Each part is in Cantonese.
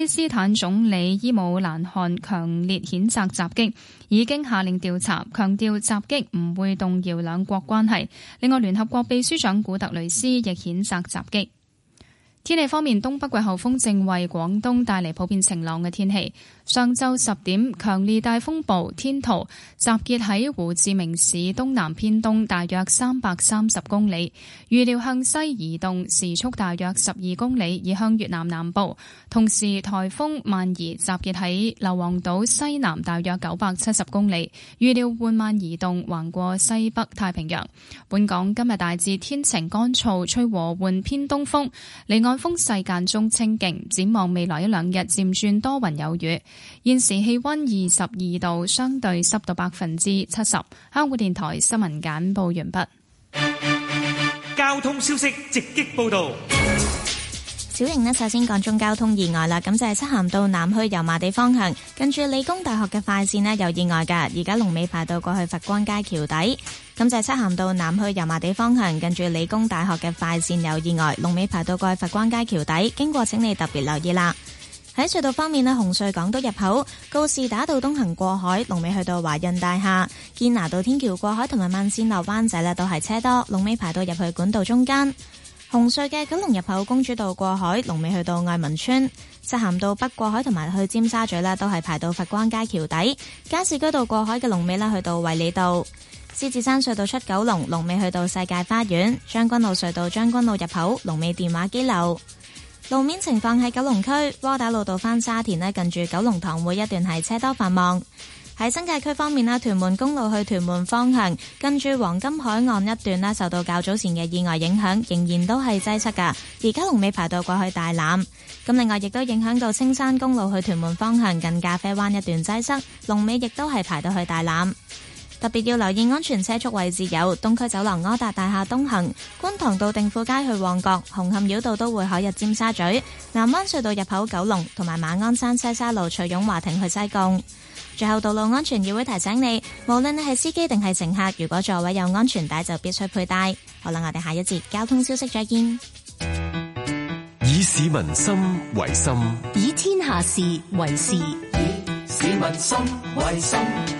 巴基斯坦總理伊姆蘭汗強烈譴責襲擊，已經下令調查，強調襲擊唔會動搖兩國關係。另外，聯合國秘書長古特雷斯亦譴責襲擊。天氣方面，東北季候風正為廣東帶嚟普遍晴朗嘅天氣。上晝十點，強烈大風暴天兔集結喺胡志明市東南偏東大約三百三十公里，預料向西移動，時速大約十二公里，移向越南南部。同時，台風萬宜集結喺硫磺島，島西南大約九百七十公里，預料緩慢移動，橫過西北太平洋。本港今日大致天晴乾燥，吹和緩偏東風，離岸風勢間中清勁。展望未來一兩日，漸轉多雲有雨。現時氣温二十二度，相對濕度百分之七十。香港電台新聞簡報完畢。交通消息直擊報道。小瑩呢，首先講中交通意外啦。咁就係漆咸到南區油麻地方向，近住理工大學嘅快線呢有意外㗎。而家龍尾排到過去佛光街橋底。咁就係漆咸到南區油麻地方向，近住理工大學嘅快線有意外，龍尾排到過去佛光街橋底，經過請你特別留意啦。喺隧道方面呢，紅隧港島入口告士打道東行過海，龍尾去到華潤大廈；堅拿道天橋過海同埋萬仙樓灣仔呢都係車多，龍尾排到入去管道中間。紅隧嘅九龍入口公主道過海，龍尾去到愛民邨；漆咸道北過海同埋去尖沙咀呢都係排到佛光街橋底；加士居道過海嘅龍尾呢去到衛理道；獅子山隧道出九龍，龍尾去到世界花園，將軍澳隧道將軍澳入口龍尾電話機樓。路面情況喺九龍區窩打老道返沙田咧，近住九龍塘會一段係車多繁忙。喺新界區方面咧，屯門公路去屯門方向，近住黃金海岸一段咧，受到較早前嘅意外影響，仍然都係擠塞噶。而家龍尾排到過去大欖。咁另外亦都影響到青山公路去屯門方向近咖啡灣一段擠塞，龍尾亦都係排到去大欖。特別要留意安全車速位置，有東區走廊柯達大廈東行、觀塘道定富街去旺角、紅磡繞道都會海入尖沙咀、南灣隧道入口九龍同埋馬鞍山西沙路翠涌華庭去西貢。最後，道路安全議會提醒你，無論你係司機定係乘客，如果座位有安全帶就必須佩戴。好啦，我哋下一節交通消息再見。以市民心為心，以天下事為事，以市民心為心。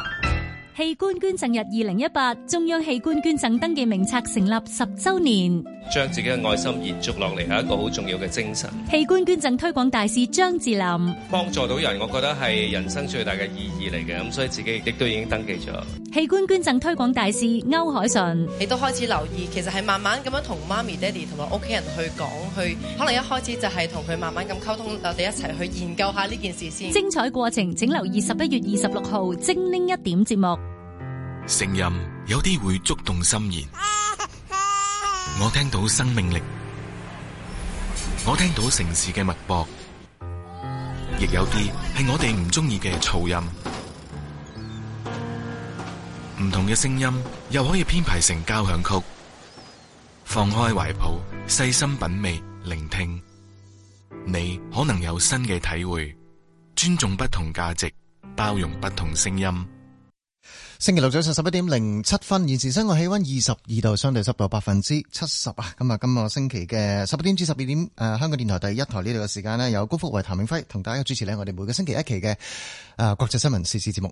器官捐贈日二零一八，中央器官捐贈登記名冊成立十周年。將自己嘅愛心延續落嚟係一個好重要嘅精神。器官捐贈推廣大使張智霖，幫助到人，我覺得係人生最大嘅意義嚟嘅。咁所以自己亦都已經登記咗。器官捐贈推廣大使歐鎧淳，你都開始留意，其實係慢慢咁樣同媽咪、爹哋同埋屋企人去講，去可能一開始就係同佢慢慢咁溝通，我哋一齊去研究下呢件事先。精彩過程，請留意十一月二十六號精靈一點節目。聲音有啲會觸動心弦，我聽到生命力，我聽到城市嘅脈搏，亦有啲係我哋唔中意嘅噪音。唔同嘅聲音又可以編排成交響曲。放開懷抱，細心品味，聆聽，你可能有新嘅體會。尊重不同價值，包容不同聲音。星期六早上十一點零七分，現時室外氣溫二十二度，相對濕度百分之七十啊！咁啊，今個星期嘅十一點至十二點，誒，香港電台第一台呢度嘅時間呢，有高福偉、譚永輝同大家主持咧，我哋每個星期一期嘅誒國際新聞時事節目。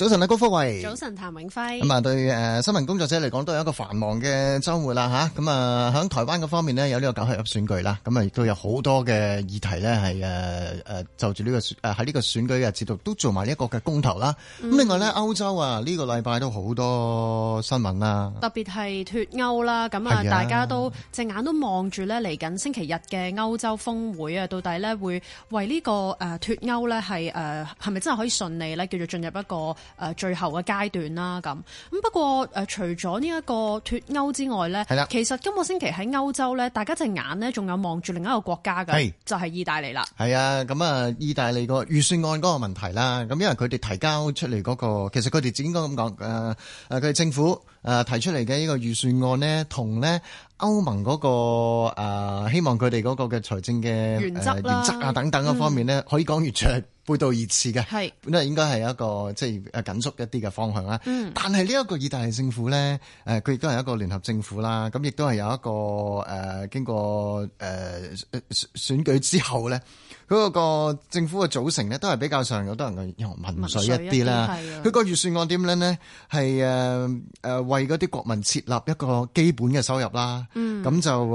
早晨啊，高福慧。早晨，譚永輝。咁啊，對誒、呃，新聞工作者嚟講，都有一個繁忙嘅周末啦，吓咁啊，喺、啊、台灣嗰方面呢，有呢個九合一選舉啦，咁啊，亦都有好多嘅議題呢，係誒誒，就住呢個喺呢、啊、個選舉嘅節度，都做埋一個嘅公投啦。咁、啊嗯、另外呢，歐洲啊、呢、這個禮拜都好多新聞、啊、啦，特別係脫歐啦，咁啊，啊大家都隻眼都望住呢嚟緊星期日嘅歐洲峰會啊，到底呢，會為呢、這個誒脫歐咧係誒係咪真係可以順利呢？叫做進入一個？誒最後嘅階段啦，咁咁不過誒、呃、除咗呢一個脫歐之外咧，是的 其實今個星期喺歐洲咧，大家隻眼咧仲有望住另一個國家㗎，是的 就係意大利啦。係啊，咁啊，意大利個預算案嗰個問題啦，咁因為佢哋提交出嚟嗰，那個，其實佢哋自己應該咁講誒誒，佢、呃、哋政府。誒，提出嚟嘅呢個預算案咧，同咧歐盟嗰、那個誒、呃，希望佢哋嗰個嘅財政嘅原則啊、呃、等等嗰方面咧，嗯、可以講完全背道而馳嘅。係本嚟應該係一個即係緊縮一啲嘅方向啦。嗯、但係呢一個意大利政府咧，誒、呃，佢亦都係一個聯合政府啦。咁亦都係有一個誒、呃，經過誒、呃、選，選舉之後咧。嗰個政府嘅組成咧，都係比較上有多人嘅用民粹一啲啦。佢個預算案點樣咧？係誒誒，為嗰啲國民設立一個基本嘅收入啦。咁、嗯、就誒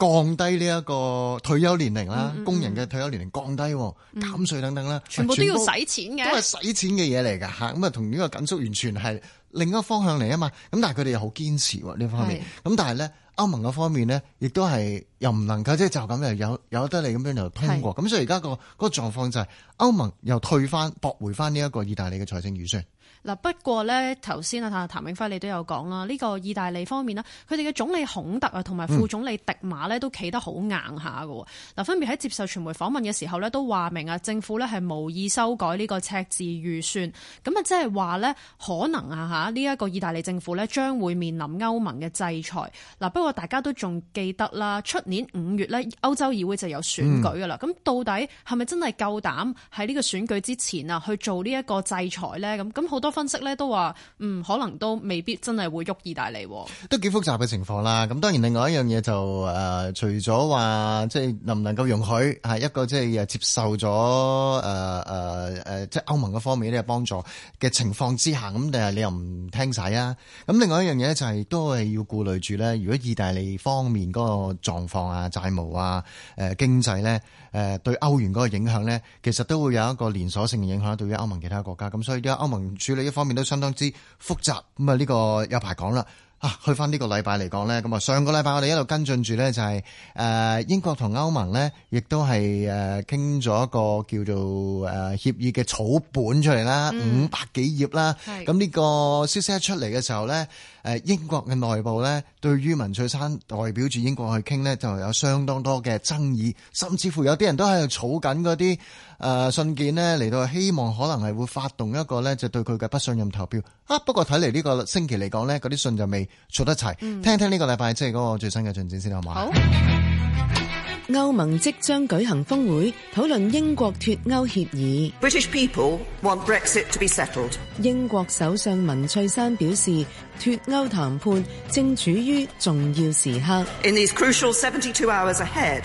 降低呢一個退休年齡啦，嗯嗯工人嘅退休年齡降低嗯嗯減稅等等啦，全部都要使錢嘅，都係使錢嘅嘢嚟㗎嚇。咁啊，同呢個緊縮完全係另一個方向嚟啊嘛。咁但係佢哋又好堅持喎是的 呢方面。咁但係咧。歐盟嗰方面呢，亦都係又唔能夠即係就咁、是、又有有得你咁樣就通過，咁是所以而家個嗰個狀況就係歐盟又退返，駁回返呢一個意大利嘅財政預算。嗱不過咧，頭先啊譚永輝你都有講啦，呢、這個意大利方面咧，佢哋嘅總理孔特啊，同埋副總理迪馬咧都企得好硬下嘅。嗱、嗯、分別喺接受傳媒訪問嘅時候咧，都話明啊，政府咧係無意修改呢個赤字預算。咁啊，即係話呢，可能啊嚇呢一個意大利政府咧將會面臨歐盟嘅制裁。嗱不過大家都仲記得啦，出年五月咧，歐洲議會就有選舉㗎啦。咁、嗯、到底係咪真係夠膽喺呢個選舉之前啊去做呢一個制裁呢？咁咁好多。分析咧都話嗯，可能都未必真係會喐意大利，啊，都幾複雜嘅情況啦。咁當然另外一樣嘢就誒、呃、除咗話即係能唔能夠容許係一個即係接受咗誒誒誒即係歐盟方面嘅幫助嘅情況之下，咁定係你又唔聽晒啊？咁另外一樣嘢咧就係、是、都係要顧慮住咧，如果意大利方面個狀況啊、債務啊、誒、呃、經濟咧、誒、呃、對歐元個影響咧，其實都會有一個連鎖性嘅影響對於歐盟其他國家。咁所以啲歐盟處理。呢方面都相當之複雜，咁啊呢個有排講啦。啊，去翻呢個禮拜嚟講咧，咁啊上個禮拜我哋一路跟進住咧、就是，就係誒英國同歐盟咧，亦都係誒傾咗一個叫做誒協議嘅草本出嚟啦，五百幾頁啦。咁呢是個消息一出嚟嘅時候咧，誒、呃、英國嘅內部咧，對於文翠珊代表住英國去傾咧，就有相當多嘅爭議，甚至乎有啲人都喺度草緊嗰啲。誒、uh, 信件咧嚟到，希望可能係會發動一個咧，就對佢嘅不信任投票啊！不過睇嚟呢個星期嚟講呢嗰啲信就未儲得齊。嗯、聽聽呢個禮拜即係嗰個最新嘅進展先好唔好？歐盟即將舉行峰會討論英國脱歐協議。British people want Brexit to be settled. 英國首相文翠珊表示，脱歐談判正處於重要時刻。In these crucial 72 hours ahead.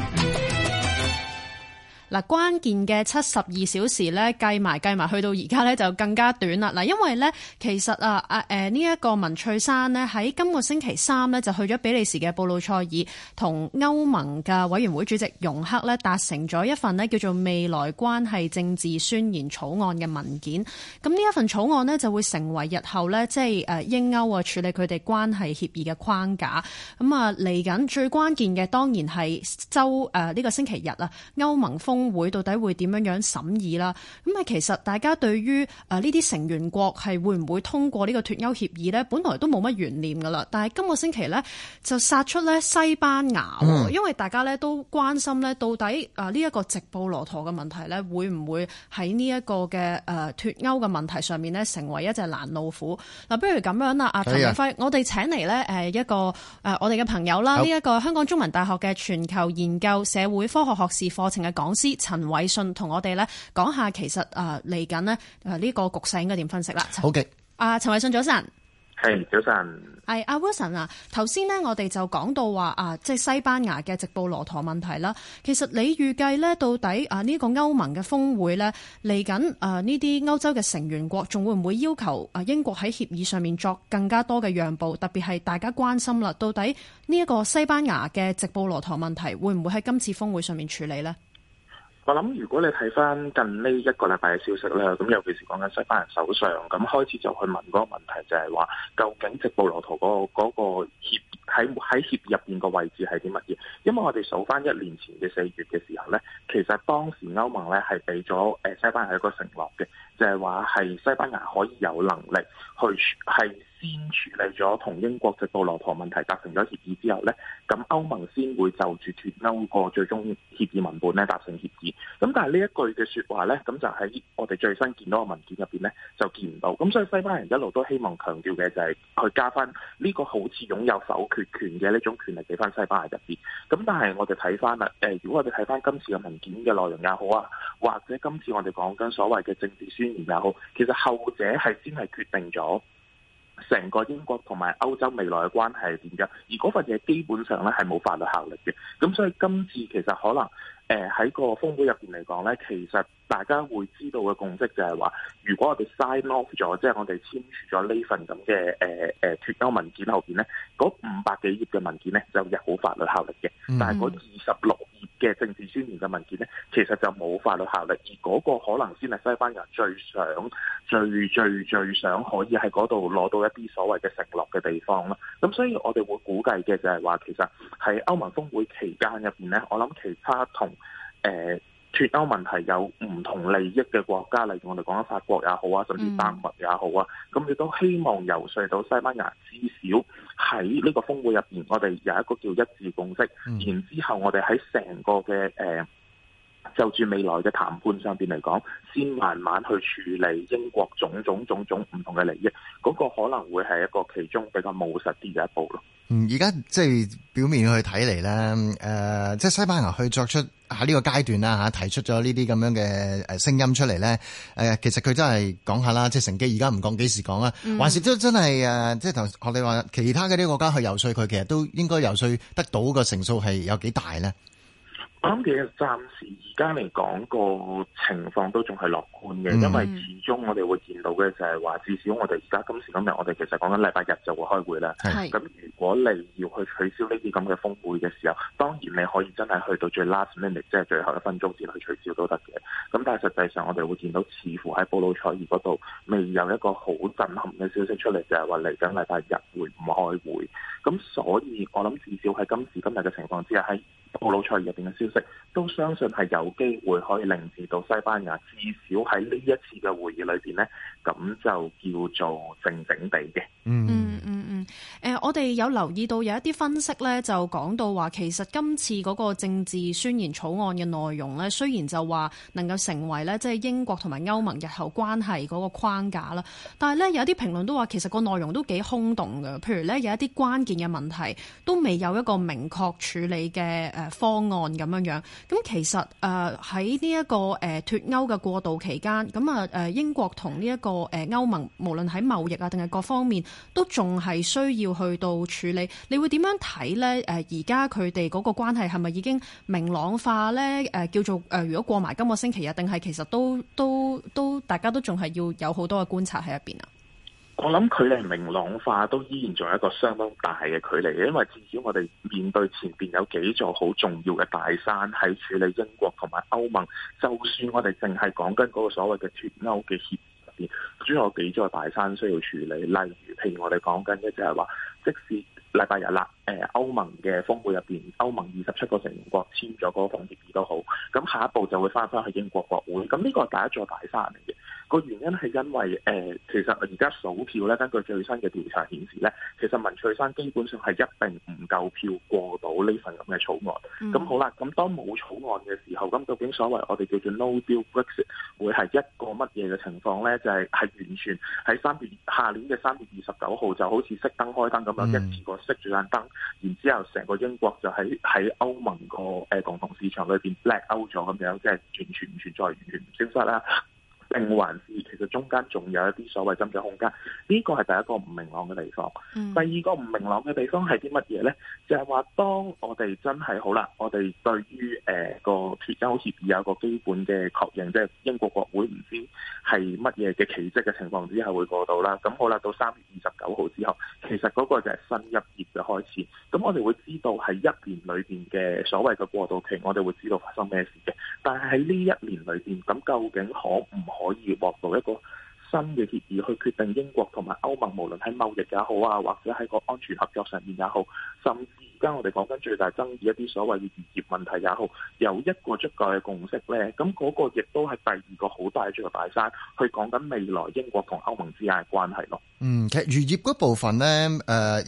嗱，關鍵嘅七十二小時咧，計埋計埋，去到而家咧就更加短啦。嗱，因為咧其實啊啊誒呢一個文翠珊咧喺今個星期三咧就去咗比利時嘅布魯塞爾同歐盟嘅委員會主席容克咧達成咗一份咧叫做未來關係政治宣言草案嘅文件。咁呢一份草案咧就會成為日後咧即係誒英歐啊處理佢哋關係協議嘅框架。咁啊嚟緊最關鍵嘅當然係周誒呢、啊這個星期日啊歐盟峯。會到底會點樣樣審議啦？咁啊，其實大家對於誒呢啲成員國係會唔會通過呢個脫歐協議呢？本來都冇乜懸念噶啦。但係今個星期呢，就殺出呢西班牙，嗯、因為大家呢都關心呢，到底誒呢一個直布羅陀嘅問題呢，會唔會喺呢一個嘅誒脫歐嘅問題上面呢，成為一隻攔路虎嗱、啊？不如咁樣啦，阿譚永輝，我哋請嚟呢誒一個誒我哋嘅朋友啦，呢一好個香港中文大學嘅全球研究社會科學學士課程嘅講師。陳偉信同我哋咧講下，其實誒嚟緊咧誒呢、呢個局勢應該點分析啦？好嘅，阿陳偉信早晨，係早晨係阿 Wilson 啊。頭先呢我哋就講到話啊，即係、啊啊就是、西班牙嘅直布羅陀問題啦。其實你預計咧，到底啊呢個歐盟嘅峰會咧嚟緊誒呢啲歐洲嘅成員國仲會唔會要求啊英國喺協議上面作更加多嘅讓步？特別係大家關心啦，到底呢一個西班牙嘅直布羅陀問題會唔會喺今次峰會上面處理呢？我諗如果你睇翻近呢一個禮拜嘅消息咧，咁尤其是講緊西班牙首相，咁開始就去問嗰個問題就，就係話究竟直布羅陀嗰個嗰個協喺喺協入邊個位置係啲乜嘢？因為我哋數翻一年前嘅四月嘅時候咧，其實當時歐盟咧係俾咗誒西班牙一個承諾嘅，就係話係西班牙可以有能力去係。先處理咗同英國直布羅陀問題達成咗協議之後呢，咁歐盟先會就住脫歐個最終協議文本呢達成協議。咁但係呢一句嘅說話呢，咁就喺我哋最新見到嘅文件入邊呢，就見唔到。咁所以西班牙人一路都希望強調嘅就係去加翻呢個好似擁有否決權嘅呢種權力俾翻西班牙入邊。咁但係我哋睇翻啦，誒、呃，如果我哋睇翻今次嘅文件嘅內容也好啊，或者今次我哋講緊所謂嘅政治宣言也好，其實後者係先係決定咗。成個英國同埋歐洲未來嘅關係係點樣？而嗰份嘢基本上咧係冇法律效力嘅，咁所以今次其實可能。誒喺個峰會入邊嚟講咧，其實大家會知道嘅共識就係話，如果我哋 sign off 咗，即係我哋簽署咗呢份咁嘅誒誒脫歐文件後邊咧，嗰五百幾頁嘅文件咧就入到法律效力嘅。但係嗰二十六頁嘅政治宣言嘅文件咧，其實就冇法律效力。而嗰個可能先係西班牙最想、最最最最想可以喺嗰度攞到一啲所謂嘅承諾嘅地方啦。咁所以我哋會估計嘅就係話，其實喺歐盟峰會期間入邊咧，我諗其他同誒，脫歐問題有唔同利益嘅國家，例如我哋講緊法國也好啊，甚至丹麥也好啊，咁佢都希望游說到西班牙，至少喺呢個峰會入邊，我哋有一個叫一致共識，然之後我哋喺成個嘅誒。呃就住未來嘅談判上邊嚟講，先慢慢去處理英國種種種種唔同嘅利益，嗰、那個可能會係一個其中比較務實啲嘅一步咯。嗯，而家即係表面去睇嚟咧，誒、呃，即係西班牙去作出喺呢、啊這個階段啦嚇、啊，提出咗呢啲咁樣嘅誒聲音出嚟咧。誒、呃，其實佢真係講下啦，即係乘機而家唔講幾時講、嗯、啊，還、就是都真係誒，即係頭先你話其他嘅啲個國家去游說佢，其實都應該游說得到嘅成數係有幾大咧？我諗其實暫時而家嚟講個情況都仲係樂觀嘅，嗯、因為始終我哋會見到嘅就係話，至少我哋而家今時今日，我哋其實講緊禮拜日就會開會啦。係。咁如果你要去取消呢啲咁嘅峰會嘅時候，當然你可以真係去到最 last minute，即係最後一分鐘先去取消都得嘅。咁但係實際上我哋會見到，似乎喺布魯塞爾嗰度未有一個好震撼嘅消息出嚟，就係話嚟緊禮拜日會唔開會。咁所以我諗至少喺今時今日嘅情況之下，喺布魯塞爾入邊嘅消息，都相信係有機會可以令到西班牙。至少喺呢一次嘅會議裏邊呢，咁就叫做靜靜地嘅。嗯嗯嗯嗯，誒、呃，我哋有留意到有一啲分析呢，就講到話，其實今次嗰個政治宣言草案嘅內容呢，雖然就話能夠成為呢即係英國同埋歐盟日後關係嗰個框架啦，但係呢，有啲評論都話，其實個內容都幾空洞嘅。譬如呢，有一啲關鍵嘅問題都未有一個明確處理嘅。誒方案咁樣樣，咁、啊、其實誒喺呢一個誒脫、呃、歐嘅過渡期間，咁啊誒英國同呢一個誒、呃、歐盟，無論喺貿易啊定係各方面，都仲係需要去到處理。你會點樣睇咧？誒而家佢哋嗰個關係係咪已經明朗化咧？誒、呃、叫做誒、呃，如果過埋今個星期日，定係其實都都都，大家都仲係要有好多嘅觀察喺入邊啊！我諗距離明朗化都依然仲有一個相當大嘅距離，因為至少我哋面對前邊有幾座好重要嘅大山喺處理英國同埋歐盟。就算我哋淨係講緊嗰個所謂嘅脱歐嘅協議入邊，主要有幾座大山需要處理。例如，譬如我哋講緊嘅就係話，即使禮拜日啦，誒，歐盟嘅峰會入邊，歐盟二十七個成員國簽咗嗰份協議都好，咁下一步就會翻返去英國國會。咁呢個係第一座大山嚟嘅。個原因係因為誒、呃，其實而家數票咧，根據最新嘅調查顯示咧，其實文翠山基本上係一定唔夠票過到呢份咁嘅草案。咁、嗯、好啦，咁當冇草案嘅時候，咁究竟所謂我哋叫做 No Deal Brexit 會係一個乜嘢嘅情況咧？就係、是、係完全喺三月下年嘅三月二十九號就好似熄燈開燈咁樣，嗯、一次過熄住曬燈，然後之後成個英國就喺喺歐盟個誒共同市場裏邊 black out 咗咁樣，即係完全唔存在、完全唔消失啦。定還是其實中間仲有一啲所謂增長空間，呢個係第一個唔明朗嘅地方。第二個唔明朗嘅地方係啲乜嘢呢？就係話，當我哋真係好啦，我哋對於誒、欸、個脫歐協議有一個基本嘅確認，即、就、係、是、英國國會唔知係乜嘢嘅奇跡嘅情況之下會過到啦。咁好啦，到三月二十九號之後，其實嗰個就係新一頁嘅開始。咁我哋會知道係一年裏邊嘅所謂嘅過渡期，我哋會知道發生咩事嘅。但係喺呢一年裏邊，咁究竟可唔可可以獲得一個新嘅協議去決定英國同埋歐盟，無論喺貿易也好啊，或者喺個安全合作上面也好，甚至而家我哋講緊最大爭議一啲所謂嘅漁業問題也好，有一個足夠嘅共識呢。咁、那、嗰個亦都係第二個好大嘅足最大山，去講緊未來英國同歐盟之間嘅關係咯。嗯，其實漁業嗰部分呢，誒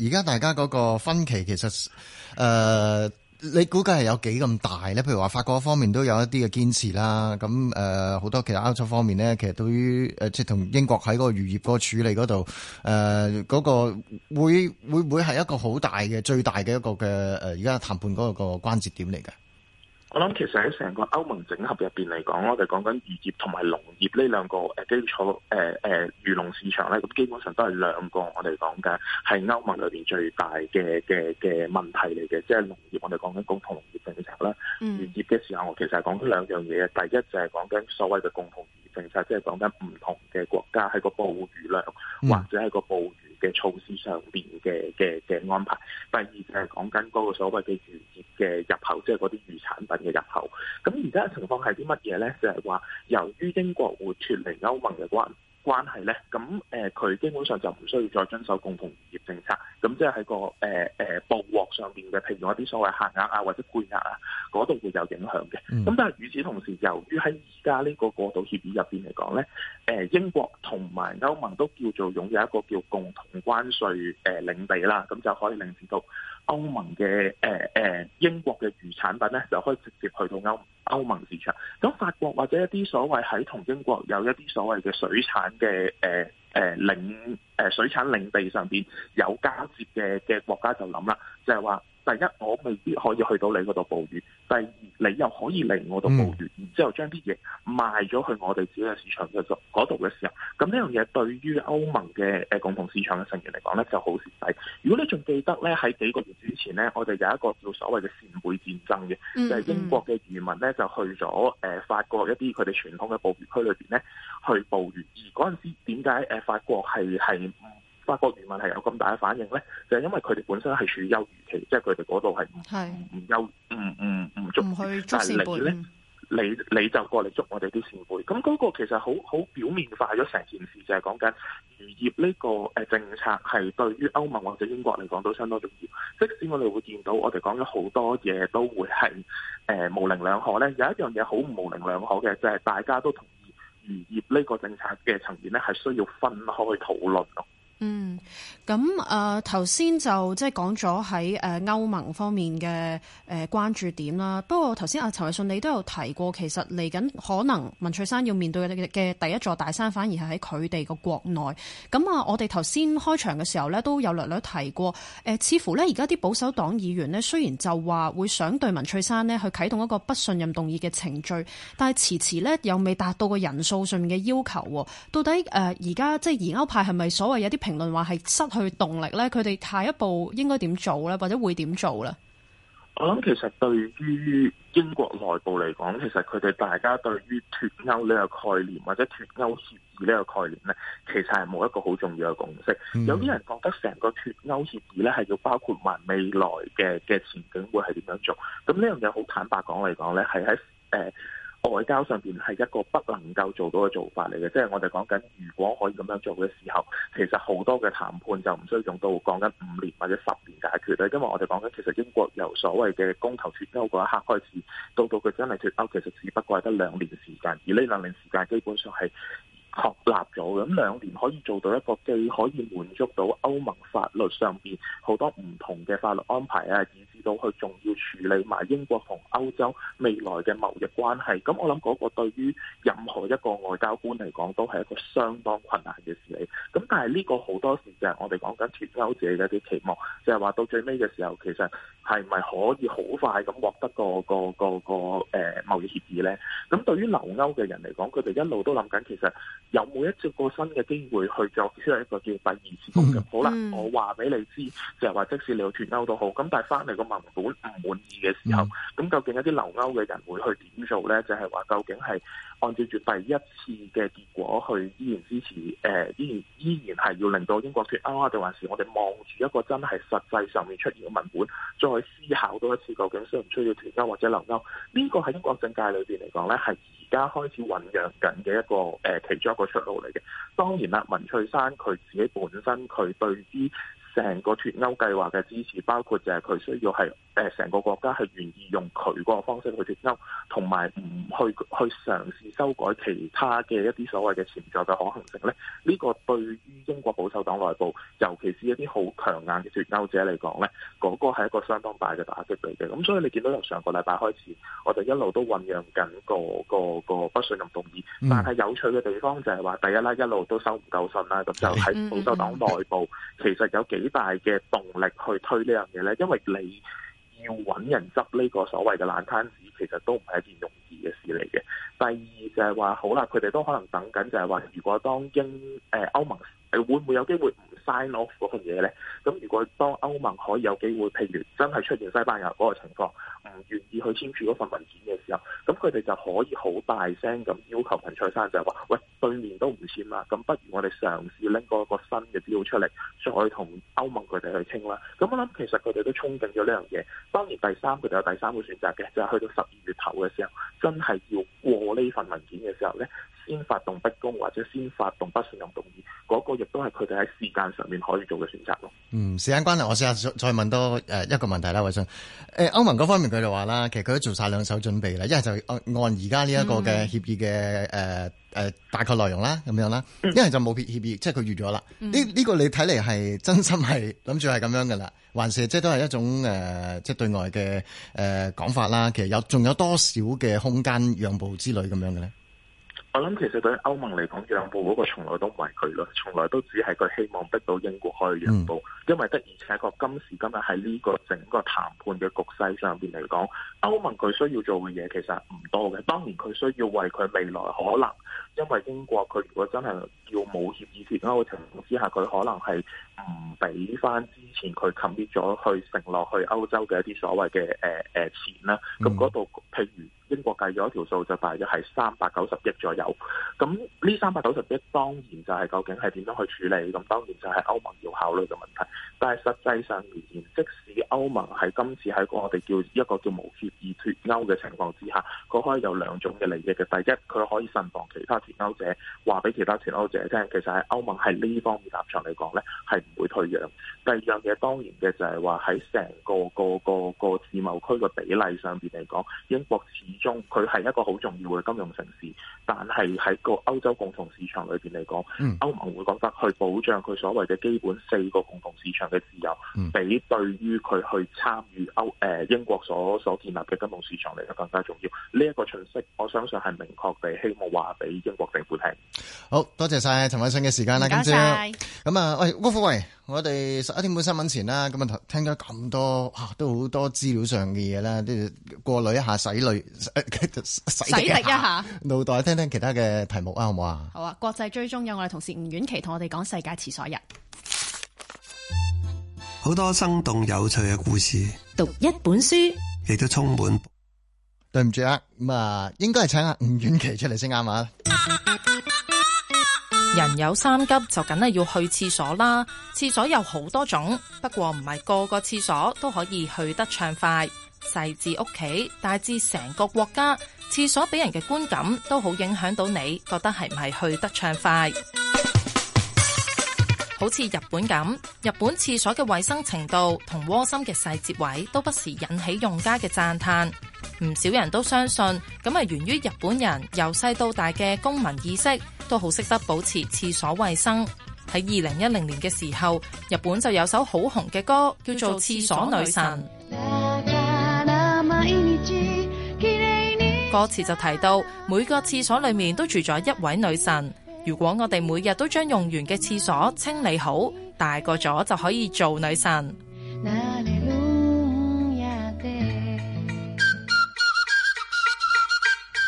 而家大家嗰個分歧其實誒。呃你估計係有幾咁大咧？譬如話法國方面都有一啲嘅堅持啦，咁誒好多其他歐洲方面咧，其實對於誒、呃、即係同英國喺嗰個漁業嗰處理嗰度誒嗰個會會唔會係一個好大嘅最大嘅一個嘅誒而家談判嗰個關節點嚟嘅？我諗其實喺成個歐盟整合入邊嚟講，我哋講緊漁業同埋農業呢兩個誒基礎誒誒漁農市場咧，咁基本上都係兩個我哋講緊係歐盟裏邊最大嘅嘅嘅問題嚟嘅，即係農業我哋講緊共同農業政策啦，漁、嗯、業嘅時候我其實係講緊兩樣嘢，第一就係講緊所謂嘅共同漁業政策，即係講緊唔同嘅國家喺個捕魚量或者喺個捕魚。嘅措施上邊嘅嘅嘅安排，第二就係講緊嗰個所謂嘅漁業嘅入口，即係嗰啲漁產品嘅入口。咁而家情況係啲乜嘢咧？就係話由於英國會脫離歐盟嘅關。關係咧，咁誒佢基本上就唔需要再遵守共同業政策，咁即係喺個誒誒捕獲上邊嘅，譬如一啲所謂限額啊或者配額啊，嗰度會有影響嘅。咁但係與此同時，由於喺而家呢個過渡協議入邊嚟講咧，誒、呃、英國同埋歐盟都叫做擁有一個叫共同關稅誒、呃、領地啦，咁就可以令到。歐盟嘅誒誒英國嘅魚產品咧，就可以直接去到歐歐盟市場。咁法國或者一啲所謂喺同英國有一啲所謂嘅水產嘅誒誒領誒水產領地上邊有交接嘅嘅國家就諗啦，就係話。第一，我未必可以去到你嗰度捕魚；第二，你又可以嚟我度捕魚，mm hmm. 然之後將啲嘢賣咗去我哋自己嘅市場嗰度嘅時候，咁呢樣嘢對於歐盟嘅誒共同市場嘅成員嚟講咧就好實際。如果你仲記得咧喺幾個月之前咧，我哋有一個叫所謂嘅善會戰爭嘅，就係、是、英國嘅漁民咧就去咗誒、呃、法國一啲佢哋傳統嘅捕魚區裏邊咧去捕魚，而嗰陣時點解誒法國係係？法國漁民係有咁大嘅反應咧，就係、是、因為佢哋本身係處休漁期，即係佢哋嗰度係唔唔休唔唔唔足，但係寧願咧，你你就過嚟捉我哋啲扇貝。咁嗰個其實好好表面化咗成件事，就係講緊漁業呢個誒政策係對於歐盟或者英國嚟講都相當重要。即使我哋會見到我哋講咗好多嘢都會係誒、呃、模棱兩可咧，有一樣嘢好唔模棱兩可嘅就係、是、大家都同意漁業呢個政策嘅層面咧係需要分開討論咯。嗯，咁誒頭先就即係講咗喺誒歐盟方面嘅誒、呃、關注點啦。不過頭先阿陳偉信你都有提過，其實嚟緊可能文翠山要面對嘅嘅第一座大山，反而係喺佢哋個國內。咁啊、呃，我哋頭先開場嘅時候咧，都有略略提過誒、呃、似乎咧而家啲保守黨議員咧，雖然就話會想對文翠山咧去啟動一個不信任動議嘅程序，但係遲遲咧又未達到個人數上面嘅要求。到底誒而家即係疑歐派係咪所謂有啲平，無論話係失去動力咧，佢哋下一步應該點做咧，或者會點做咧？我諗其實對於英國內部嚟講，其實佢哋大家對於脫歐呢個概念或者脫歐協議呢個概念咧，其實係冇一個好重要嘅共識。嗯、有啲人覺得成個脫歐協議咧，係要包括埋未來嘅嘅前景會係點樣做。咁呢樣嘢好坦白講嚟講咧，係喺誒。呃外交上邊係一個不能夠做到嘅做法嚟嘅，即係我哋講緊，如果可以咁樣做嘅時候，其實好多嘅談判就唔需要用到講緊五年或者十年解決啦。因為我哋講緊，其實英國由所謂嘅公投脫歐嗰一刻開始，到到佢真係脫歐，其實只不過係得兩年時間，而呢兩年時間基本上係。確立咗咁兩年可以做到一個既可以滿足到歐盟法律上邊好多唔同嘅法律安排啊，以至到去仲要處理埋英國同歐洲未來嘅貿易關係。咁我諗嗰個對於任何一個外交官嚟講，都係一個相當困難嘅事嚟。咁但係呢個好多時就係我哋講緊脱歐者嘅一啲期望，就係話到最尾嘅時候，其實係咪可以好快咁獲得個個個誒貿易協議呢？咁對於留歐嘅人嚟講，佢哋一路都諗緊其實。有冇一隻個新嘅機會去做先係一個叫第二次公投？ 好啦， 我話俾你知，就係、是、話即使你脫歐都好，咁但係翻嚟個文本唔滿意嘅時候，咁 究竟一啲留歐嘅人會去點做咧？就係、是、話究竟係？按照住第一次嘅結果去依然支持，誒、呃、依然依然係要令到英國脱歐啊，定還是我哋望住一個真係實際上面出現嘅文本，再思考多一次究竟需唔需要脱歐或者留歐？呢、這個喺英國政界裏邊嚟講咧，係而家開始醖釀緊嘅一個誒、呃、其中一個出路嚟嘅。當然啦，文翠珊佢自己本身佢對於。成個脱歐計劃嘅支持，包括就係佢需要係誒成個國家係願意用佢個方式去脱歐，同埋唔去去嘗試修改其他嘅一啲所謂嘅潛在嘅可行性咧。呢、這個對於英國保守黨內部，尤其是一啲好強硬嘅脱歐者嚟講咧，嗰、那個係一個相當大嘅打擊嚟嘅。咁所以你見到由上個禮拜開始，我哋一路都醖釀緊個個個不信任動議，但係有趣嘅地方就係話，第一啦，一路都收唔夠信啦，咁就喺、是、保守黨內部其實有幾。幾大嘅動力去推呢樣嘢咧？因為你要揾人執呢個所謂嘅爛攤子，其實都唔係一件容易嘅事嚟嘅。第二就係話，好啦，佢哋都可能等緊，就係話，如果當英誒歐盟誒會唔會有機會？sign off 嗰份嘢咧，咁如果當歐盟可以有機會，譬如真係出現西班牙嗰個情況唔願意去簽署嗰份文件嘅時候，咁佢哋就可以好大聲咁要求文翠珊就係話，喂，對面都唔簽啦，咁不如我哋嘗試拎個個新嘅資料出嚟，再同歐盟佢哋去傾啦。咁我諗其實佢哋都憧憬咗呢樣嘢。當然第三佢哋有第三個選擇嘅，就係去到十二月頭嘅時候，真係要過呢份文件嘅時候咧，先發動逼宮或者先發動不信任動議嗰個亦都係佢哋喺時間。上面可以做嘅選擇咯。嗯，時間關係，我試下再問多誒一個問題啦，偉信。誒、欸，歐盟嗰方面佢就話啦，其實佢都做晒兩手準備啦。一係就按按而家呢一個嘅協議嘅誒誒大概內容啦，咁樣啦。一係就冇協議，即係佢預咗啦。呢呢、嗯，這個你睇嚟係真心係諗住係咁樣噶啦，還是即係都係一種誒、呃、即係對外嘅誒講法啦。其實有仲有多少嘅空間讓步之類咁樣嘅咧？我諗其實對歐盟嚟講，讓步嗰個從來都唔係佢咯，從來都只係佢希望逼到英國可以讓步，因為的而且確今時今日喺呢個整個談判嘅局勢上邊嚟講，歐盟佢需要做嘅嘢其實唔多嘅，當然佢需要為佢未來可能因為英國佢如果真係要冇協議脱歐情況之下，佢可能係唔俾翻之前佢 commit 咗去承諾去歐洲嘅一啲所謂嘅誒誒錢啦，咁嗰度譬如。英國計咗條數就大約係三百九十億左右，咁呢三百九十億當然就係究竟係點樣去處理，咁當然就係歐盟要考慮嘅問題。但係實際上而言，即使歐盟喺今次喺我哋叫一個叫無協議脱歐嘅情況之下，佢可以有兩種嘅利益嘅。第一，佢可以慎防其他脱歐者話俾其他脱歐者聽，其實喺歐盟係呢方面立場嚟講咧係唔會退讓。第二樣嘢當然嘅就係話喺成個個個個自貿區嘅比例上邊嚟講，英國中佢係一個好重要嘅金融城市，但係喺個歐洲共同市場裏邊嚟講，嗯、歐盟會覺得去保障佢所謂嘅基本四個共同市場嘅自由，嗯、比對於佢去參與歐誒、呃、英國所所建立嘅金融市場嚟嘅，更加重要。呢、這、一個訊息，我相信係明確地希望話俾英國政府聽。好多謝晒陳偉信嘅時間啦，唔該晒。咁啊，喂，郭富偉。呃我哋十一點半新聞前啦，咁啊聽咗咁多，吓都好多資料上嘅嘢啦，都過濾一下，洗濾洗滌一下，腦袋聽聽其他嘅題目啊，好唔好啊？好啊！國際追蹤有我哋同事吳婉琪同我哋講世界廁所日，好多生動有趣嘅故事，讀一本書亦都充滿。對唔住啊，咁啊，應該係請阿吳婉琪出嚟先啱啊。 人有三急，就梗係要去廁所啦。廁所有好多種，不過唔係個個廁所都可以去得暢快。細至屋企，大至成個國家，廁所俾人嘅觀感都好影響到你覺得係唔係去得暢快。好似日本咁，日本廁所嘅衛生程度同窩心嘅細節位，都不時引起用家嘅讚嘆。唔少人都相信，咁係源於日本人由細到大嘅公民意識，都好識得保持廁所衛生。喺二零一零年嘅時候，日本就有首好紅嘅歌，叫做《廁所女神》。歌詞就提到每個廁所裏面都住咗一位女神。如果我哋每日都將用完嘅廁所清理好，大個咗就可以做女神。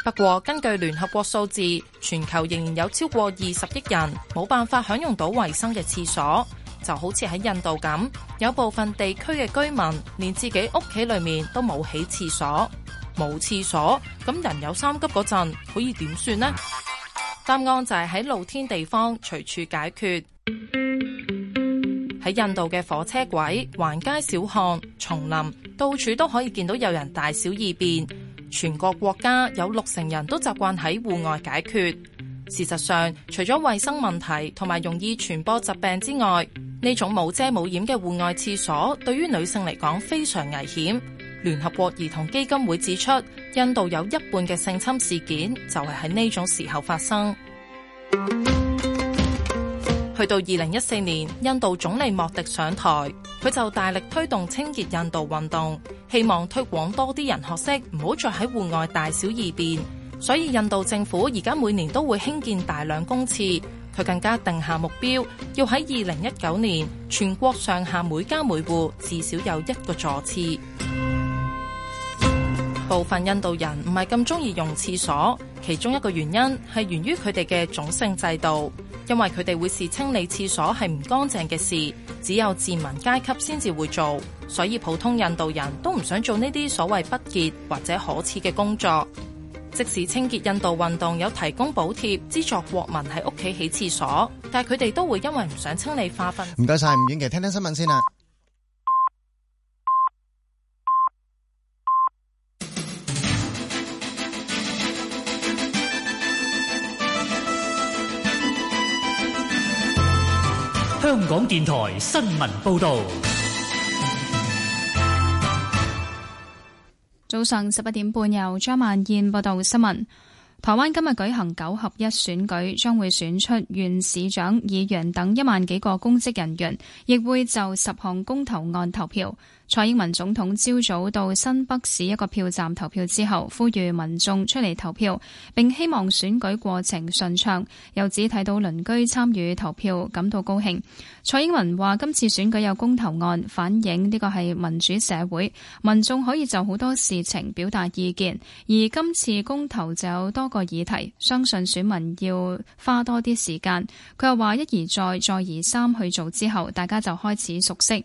不過根據聯合國數字，全球仍然有超過二十億人冇辦法享用到衛生嘅廁所，就好似喺印度咁，有部分地區嘅居民連自己屋企裏面都冇起廁所。冇廁所，咁人有三急嗰陣可以點算呢？答案就係喺露天地方隨處解決。喺印度嘅火車軌、橫街小巷、叢林，到處都可以見到有人大小二便，全國國家有六成人都習慣喺戶外解決。事實上，除咗衛生問題同埋容易傳播疾病之外，呢種冇遮冇掩嘅戶外廁所對於女性嚟講非常危險。聯合國兒童基金會指出，印度有一半嘅性侵事件就係喺呢種時候發生。去 到二零一四年，印度總理莫迪上台，佢就大力推動清潔印度運動，希望推廣多啲人學識唔好再喺戶外大小二便。所以印度政府而家每年都會興建大量公廁。佢更加定下目標，要喺二零一九年全國上下每家每戶至少有一個座廁。部分印度人唔係咁中意用廁所，其中一個原因係源於佢哋嘅種姓制度，因為佢哋會視清理廁所係唔乾淨嘅事，只有賤民階級先至會做，所以普通印度人都唔想做呢啲所謂不潔或者可恥嘅工作。即使清潔印度運動有提供補貼資助國民喺屋企起廁所，但係佢哋都會因為唔想清理化糞。唔該晒，吳遠琪，聽，聽聽新聞先啦。香港電台新聞報道，早上十一點半由張曼燕報道新聞。台灣今日舉行九合一選舉，將會選出縣市長、議員等一萬幾個公職人員，亦會就十項公投案投票。蔡英文總統朝早到新北市一個票站投票之後，呼籲民眾出嚟投票，並希望選舉過程順暢。又只睇到鄰居參與投票感到高興。蔡英文話：今次選舉有公投案，反映呢個係民主社會，民眾可以就好多事情表達意見。而今次公投就有多個議題，相信選民要花多啲時間。佢又話：一而再，再而三去做之後，大家就開始熟悉。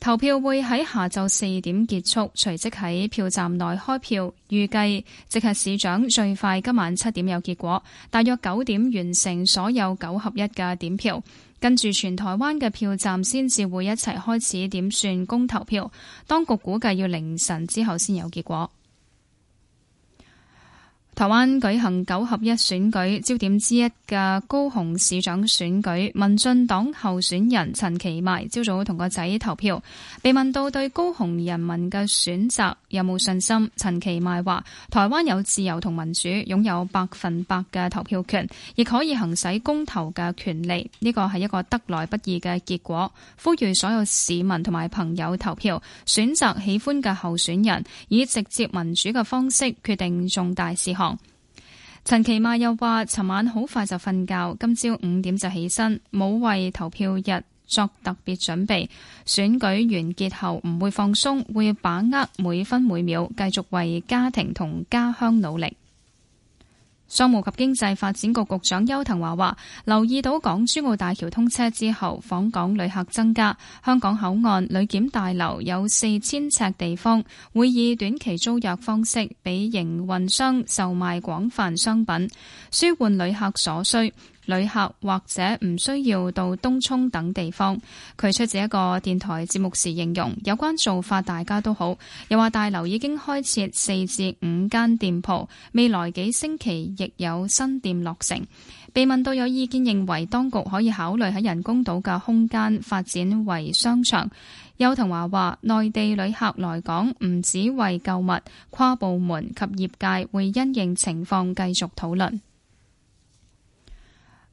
投票會喺下晝四點結束，隨即喺票站內開票。預計即係市長最快今晚七點有結果，大約九點完成所有九合一嘅點票，跟住全台灣嘅票站先至會一齊開始點算公投票。當局估計要凌晨之後先有結果。台灣舉行九合一選舉，焦點之一嘅高雄市長選舉，民進黨候選人陳其邁朝早同個仔投票，被問到對高雄人民嘅選擇有冇信心，陳其邁話：台灣有自由同民主，擁有百分百嘅投票權，亦可以行使公投嘅權利，呢個係一個得來不易嘅結果，呼籲所有市民同埋朋友投票，選擇喜歡嘅候選人，以直接民主嘅方式決定重大事項。陳其邁又話，尋晚好快就瞓覺，今朝五點就起身，冇為投票日作特別準備。選舉完結後唔會放鬆，會把握每分每秒，繼續為家庭同家鄉努力。商務及經濟發展局局長邱騰華話：留意到港珠澳大橋通車之後，訪港旅客增加，香港口岸旅檢大樓有四千尺地方，會以短期租約方式俾營運商售賣廣泛商品，舒緩旅客所需。旅客或者唔需要到東涌等地方。佢出自一個電台節目時，形容有關做法大家都好，又話大樓已經開設四至五間店鋪，未來幾星期亦有新店落成。被問到有意見認為當局可以考慮喺人工島嘅空間發展為商場，邱騰華話內地旅客來港唔止為購物，跨部門及業界會因應情況繼續討論。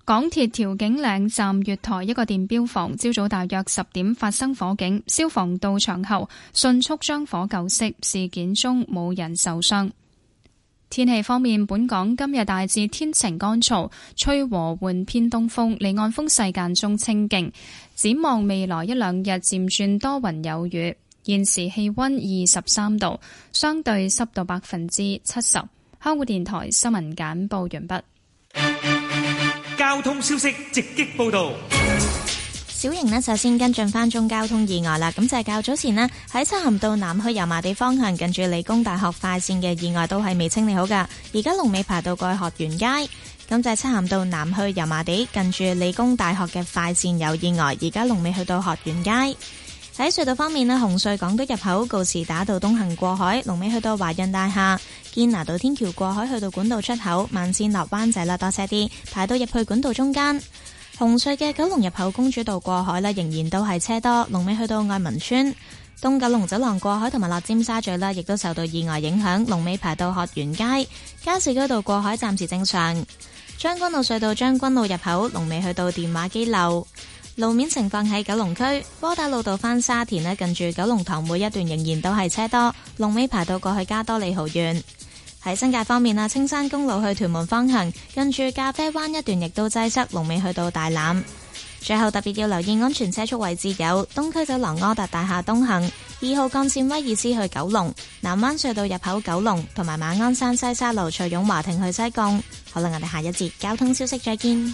港鐵調景嶺站月台一個電錶房，朝早大約十點發生火警，消防到場後迅速將火救熄，事件中冇人受傷。天氣方面，本港今日大致天晴乾燥，吹和緩偏東風，離岸風勢間中清勁，展望未來一兩日漸轉多雲有雨。現時氣溫二十三度，相對濕度百分之七十。香港電台新聞簡報完畢。交通消息直擊報道，小瑩呢，首先跟進翻中交通意外啦。咁就係、是、較早前呢，喺漆咸道南去油麻地方向，近住理工大學快綫嘅意外都係未清理好噶。而家龍尾排到過去學園街，咁就係、是、漆咸道南去油麻地近住理工大學嘅快綫有意外，而家龍尾去到學園街。喺隧道方面呢，紅隧港島入口告士打道東行過海，龍尾去到華潤大廈堅拿道天橋過海去到管道出口，慢綫落灣仔啦，多車啲，排到入去管道中間。紅隧嘅九龍入口公主道過海啦，仍然都係車多，龍尾去到愛民村、東九龍走廊過海同埋落尖沙咀啦，亦都受到意外影響，龍尾排到學園街。加士居道過海暫時正常。將軍澳隧道將軍澳入口龍尾去到電話機樓。路面情況喺九龍區，窩打老道返沙田咧，近住九龍塘每一段仍然都係車多，龍尾排到過去加多利豪苑。喺新界方面啦，青山公路去屯門方向，近住咖啡灣一段亦都擠塞，龍尾去到大欖。最後特別要留意安全車速位置有：東區走廊柯達大廈東行二號幹線威爾斯去九龍、南灣隧道入口九龍同埋馬鞍山西沙路翠涌華庭去西貢。好啦，我哋下一節交通消息再見。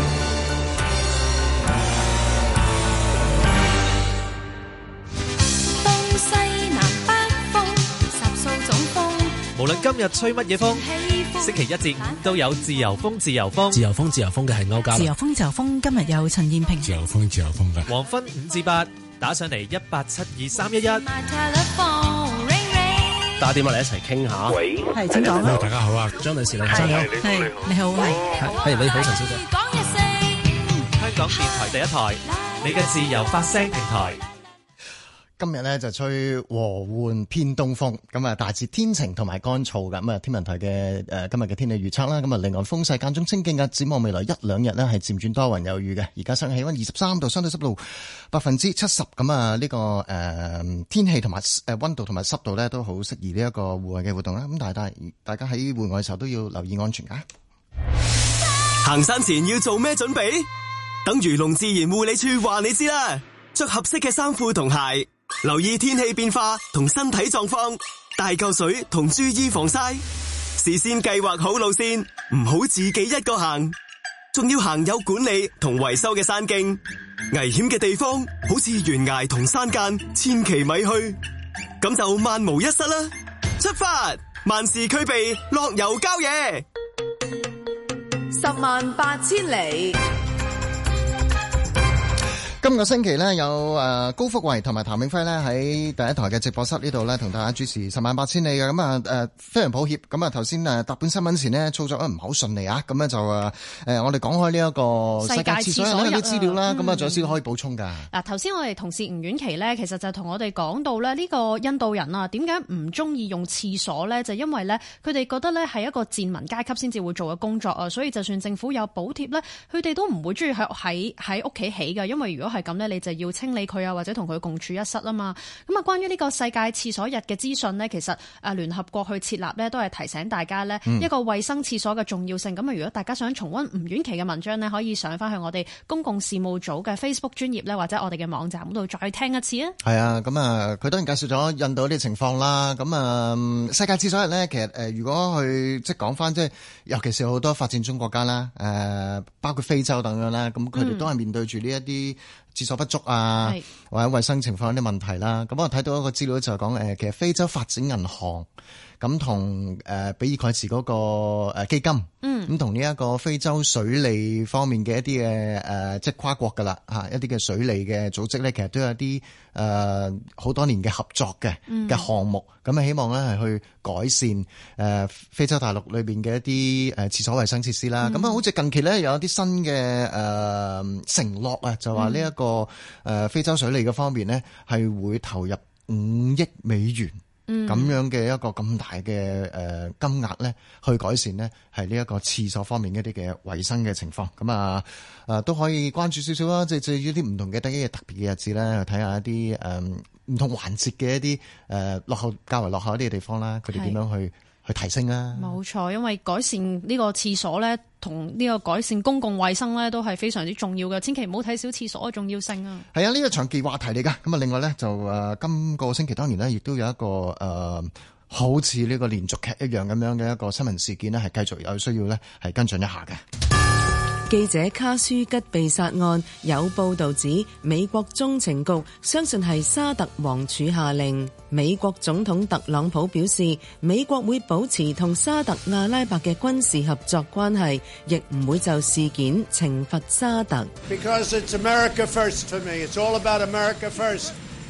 無論今日吹乜嘢風，星期一至五都有自由風，自由風，自由風，自由風嘅係歐家。自由風，自由風，今日有陳燕平。自由風，自由風嘅。黃昏五至八，打上嚟一八七二三一一，打電話嚟一齊傾下。喂，係，請講。大家好啊，張女士你好，張女士，係你好，係，係你好，陳小姐。香港電台第一台，你嘅自由發聲平台。今日咧就吹和緩偏東風，咁啊大致天晴同埋乾燥咁啊。天文台嘅誒、呃、今日嘅天氣預測啦，咁啊另外風勢間中清勁嘅，展望未來一兩日呢，係漸轉多雲有雨嘅。而家室氣溫二十三度，相對濕、這個呃、度百分之七十，咁啊呢個誒天氣同埋誒溫度同埋濕度咧都好適宜呢一個戶外嘅活動啦。咁但係但係大家喺戶外嘅時候都要留意安全噶。行山前要做咩準備？等漁農自然護理署話你知啦，着合適嘅衫褲同鞋。留意天氣變化同身體狀況，大夠水同注意防曬，事先計劃好路綫，唔好自己一個行，仲要行有管理同維修嘅山徑，危險嘅地方好似懸崖同山澗，千祈咪去，咁就萬無一失啦！出發，萬事俱備，樂遊郊野，十萬八千里。今個星期呢，有誒高福慧同埋譚永輝呢，喺第一台嘅直播室呢度呢，同大家主持十萬八千里嘅。咁啊誒，非常抱歉。咁啊，頭先誒讀本新聞前呢，操作得唔係好順利啊，咁咧就啊，誒我哋講開呢一個世界廁所嘅資料啦，咁啊仲有啲可以補充噶嗱頭先我哋同事吳婉琪呢，其實就同我哋講到呢，呢個印度人啊點解唔中意用廁所呢？就因為呢，佢哋覺得呢，係一個賤民階級先至會做嘅工作啊，所以就算政府有補貼呢，佢哋都唔會中意喺喺喺屋企起嘅，因為如果係咁咧，你就要清理佢啊，或者同佢共處一室啊嘛。咁啊，關於呢個世界廁所日嘅資訊呢，其實誒，聯合國去設立呢，都係提醒大家呢，一個衛生廁所嘅重要性。咁啊，如果大家想重温吳婉琪嘅文章呢，可以上翻去我哋公共事務組嘅 Facebook 專頁呢，或者我哋嘅網站度再聽一次啊。係、嗯、啊，咁啊，佢當然介紹咗印度啲情況啦。咁、嗯、啊，世界廁所日呢，其實誒、呃，如果去即係講翻，即、就、係、是、尤其是好多發展中國家啦，誒、呃，包括非洲等等啦，咁佢哋都係面對住呢一啲。廁所不足啊，或者衛生情況有啲問題啦。咁是我睇到一個資料就係講，誒，其實非洲發展銀行。咁同誒比爾蓋茨嗰個誒基金，嗯，咁同呢一個非洲水利方面嘅一啲嘅誒，即係跨國嘅啦嚇，一啲嘅水利嘅組織咧，其實都有一啲誒好多年嘅合作嘅嘅項目，咁啊、嗯、希望咧係去改善誒、呃、非洲大陸裏邊嘅一啲誒、呃、廁所衛生設施啦。咁啊、嗯，好似近期咧有一啲新嘅誒、呃、承諾啊，就話呢一個誒非洲水利嘅方面咧，係會投入五億美元。咁樣嘅一個咁大嘅誒金額咧，去改善呢係呢一個廁所方面一啲嘅衞生嘅情況。咁啊，誒、啊啊、都可以關注少少啦。即係至於啲唔同嘅第一嘅特別嘅日子咧，去睇下一啲誒唔同環節嘅一啲誒、啊、落後較為落後一啲嘅地方啦，佢哋點樣去？去提升啊，冇錯，因為改善呢個廁所咧，同呢個改善公共衛生咧，都係非常之重要嘅，千祈唔好睇小廁所嘅重要性啊！係啊，呢個長期話題嚟噶，咁啊，另外咧就誒，今、呃這個星期當然咧，亦都有一個誒、呃，好似呢個連續劇一樣咁樣嘅一個新聞事件呢，係繼續有需要咧，係跟進一下嘅。記者卡舒吉被殺案有報道指，美國中情局相信係沙特王儲下令。美國總統特朗普表示，美國會保持同沙特阿拉伯嘅軍事合作關係，亦唔會就事件懲罰沙特。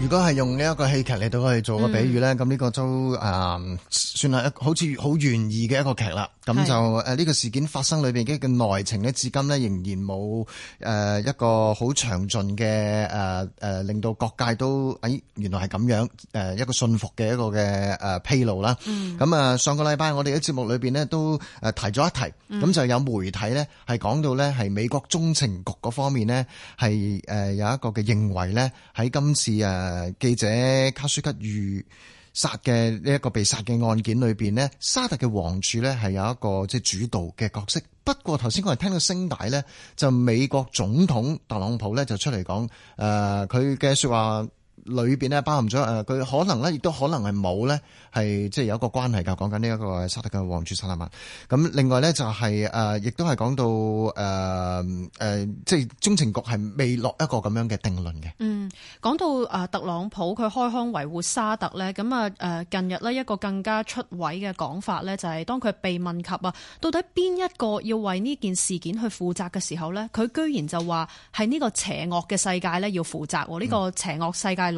如果係用呢一個戲劇嚟到去做個比喻咧，咁呢、嗯、個都誒、uh, 算係好似好懸疑嘅一個劇啦。咁就誒呢是、啊呢個事件發生裏邊嘅內情咧，至今咧仍然冇誒、呃、一個好詳盡嘅誒誒，令到各界都誒、哎、原來係咁樣誒、呃、一個信服嘅一個嘅誒披露啦。咁啊、嗯，上個禮拜我哋喺節目裏邊咧都誒提咗一提，咁就有媒體呢係講到呢係美國中情局嗰方面呢係誒、呃、有一個嘅認為呢喺今次誒、啊、記者卡舒吉遇殺嘅呢一個被殺嘅案件裏邊呢，沙特嘅王儲呢係有一個即係主導嘅角色。不過頭先我哋聽到聲帶咧，就美國總統特朗普咧就出嚟講，誒佢嘅説話。裏邊咧包含咗誒，佢、呃、可能咧，亦都可能係冇呢，係即係有一個關係㗎。講緊呢一個主沙特嘅王儲薩勒曼。咁另外呢、就係，就係誒，亦都係講到誒誒、呃呃，即係中情局係未落一個咁樣嘅定論嘅。嗯，講到誒特朗普佢開腔維護沙特呢。咁啊誒近日呢，一個更加出位嘅講法呢，就係當佢被問及啊，到底邊一個要為呢件事件去負責嘅時候呢，佢居然就話係呢個邪惡嘅世界呢，要負責喎。呢、呢個邪惡世界。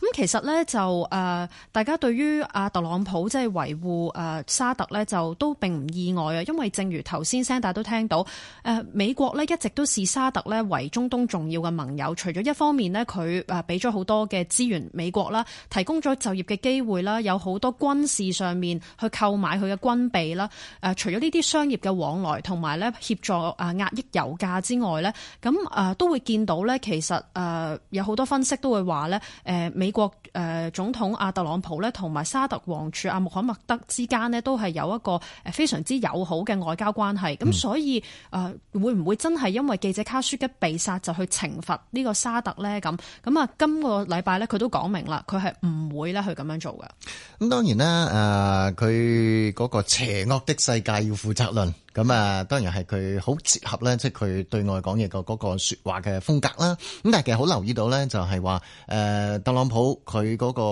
咁其實呢，就誒，大家對於阿特朗普即係維護誒沙特呢，就都並唔意外啊。因為正如頭先聲，大家都聽到誒，美國呢一直都視沙特呢為中東重要嘅盟友。除咗一方面呢，佢誒俾咗好多嘅資源，美國啦，提供咗就業嘅機會啦，有好多軍事上面去購買佢嘅軍備啦。誒，除咗呢啲商業嘅往來同埋呢協助啊，壓抑油價之外呢，咁誒都會見到呢，其實誒有好多分析都會話呢。誒美國誒總統阿特朗普咧，同埋沙特王儲阿穆罕默德之間咧，都係有一個誒非常之友好嘅外交關係。咁、嗯、所以誒，會唔會真係因為記者卡舒吉被殺就去懲罰呢個沙特呢？咁咁啊，今個禮拜咧，佢都講明啦，佢係唔會咧去咁樣做嘅。咁當然啦，誒佢嗰個邪惡的世界要負責論。咁啊，當然係佢好切合咧，即係佢對外講嘢個嗰個説話嘅風格啦。咁但係其實好留意到咧，就係話誒特朗普佢嗰個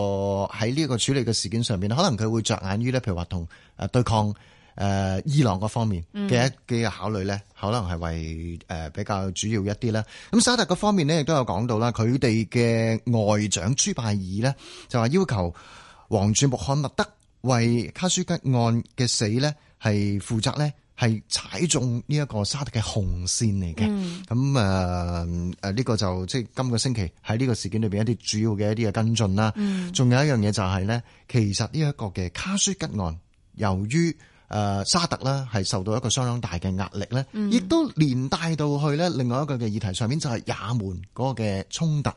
喺呢個處理嘅事件上邊，可能佢會着眼於咧，譬如話同誒對抗誒、呃、伊朗嗰方面嘅一啲嘅考慮咧，嗯、可能係為誒比較主要一啲啦。咁沙特嗰方面咧，亦都有講到啦，佢哋嘅外長朱拜爾咧就話要求王儲穆罕默德為卡舒吉案嘅死咧係負責咧。係踩中呢一個沙特嘅紅線嚟嘅，咁誒誒呢個就即係今個星期喺呢個事件裏邊一啲主要嘅一啲嘅跟進啦。仲、mm. 有一樣嘢就係咧，其實呢一個嘅卡舒吉案，由於誒、呃、沙特啦，係受到一個相當大嘅壓力咧，亦、嗯、都連帶到去咧另外一個嘅議題上面，就係也門嗰個嘅衝突。咁、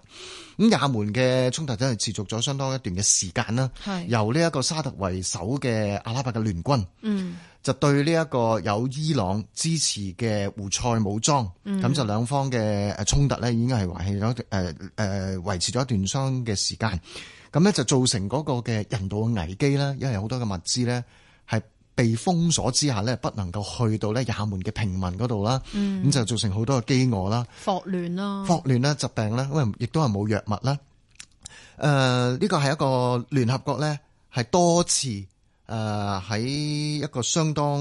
嗯、也門嘅衝突真係持續咗相當一段嘅時間啦。係是由呢一個沙特為首嘅阿拉伯嘅聯軍，嗯，就對呢一個有伊朗支持嘅胡塞武裝，咁、嗯、就兩方嘅誒衝突咧，已經係維係咗誒誒維持咗、呃呃、一段相嘅時間。咁咧就造成嗰個嘅人道嘅危機啦，因為好多嘅物資咧。被封鎖之下咧，不能夠去到咧也門嘅平民嗰度啦，咁、嗯、就造成好多嘅飢餓啦、霍亂啦、啊、霍亂啦、疾病啦，因為亦都係冇藥物啦。誒、呃，呢個係一個聯合國咧，係多次。誒，喺、呃、一個相當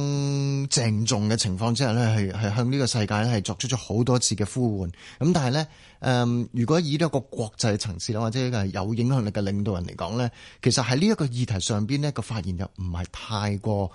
鄭重嘅情況之下呢係係向呢個世界係作出咗好多次嘅呼喚。咁但係呢，誒、呃，如果以呢一個國際層次或者有影響力嘅領導人嚟講呢，其實喺呢一個議題上邊呢、呢個發言又唔係太過誒、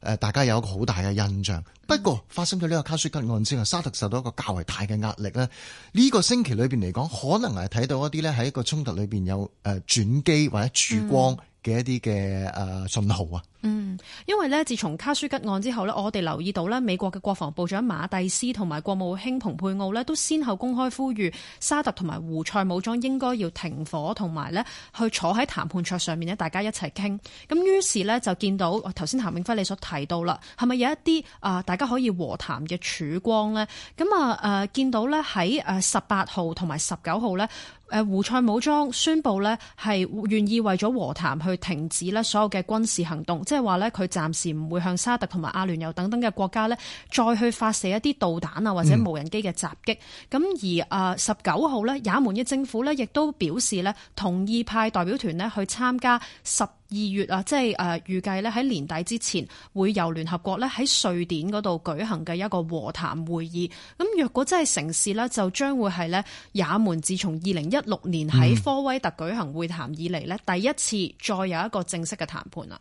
呃，大家有一個好大嘅印象。不過發生咗呢個卡舒吉案之後，沙特受到一個較為大嘅壓力咧，呢、呢個星期裏邊嚟講，可能係睇到一啲呢，喺一個衝突裏邊有誒、呃、轉機或者曙光。嗯嘅一啲嘅誒信號啊，嗯，因為呢，自從卡舒吉案之後呢，我哋留意到呢美國嘅國防部長馬蒂斯同埋國務卿蓬佩奧呢，都先後公開呼籲沙特同埋胡塞武裝應該要停火，同埋呢去坐喺談判桌上面呢，大家一齊傾。咁於是呢，就見到頭先譚永輝你所提到啦，係咪有一啲啊大家可以和談嘅曙光呢？咁啊誒，見到呢喺誒十八號同埋十九號呢。誒胡塞武裝宣布咧，係願意為咗和談去停止咧所有嘅軍事行動，即係話咧佢暫時唔會向沙特同埋阿聯酋等等嘅國家咧再去發射一啲導彈啊或者無人機嘅襲擊。咁、嗯、而啊十九號咧也門嘅政府咧亦都表示咧同意派代表團咧去參加十二月啊，即係誒預計咧喺年底之前會由聯合國咧喺瑞典嗰度舉行嘅一個和談會議。咁若果真係成事呢，就將會係呢，也門自從二零一六年喺科威特舉行會談以嚟呢，嗯、第一次再有一個正式嘅談判啦。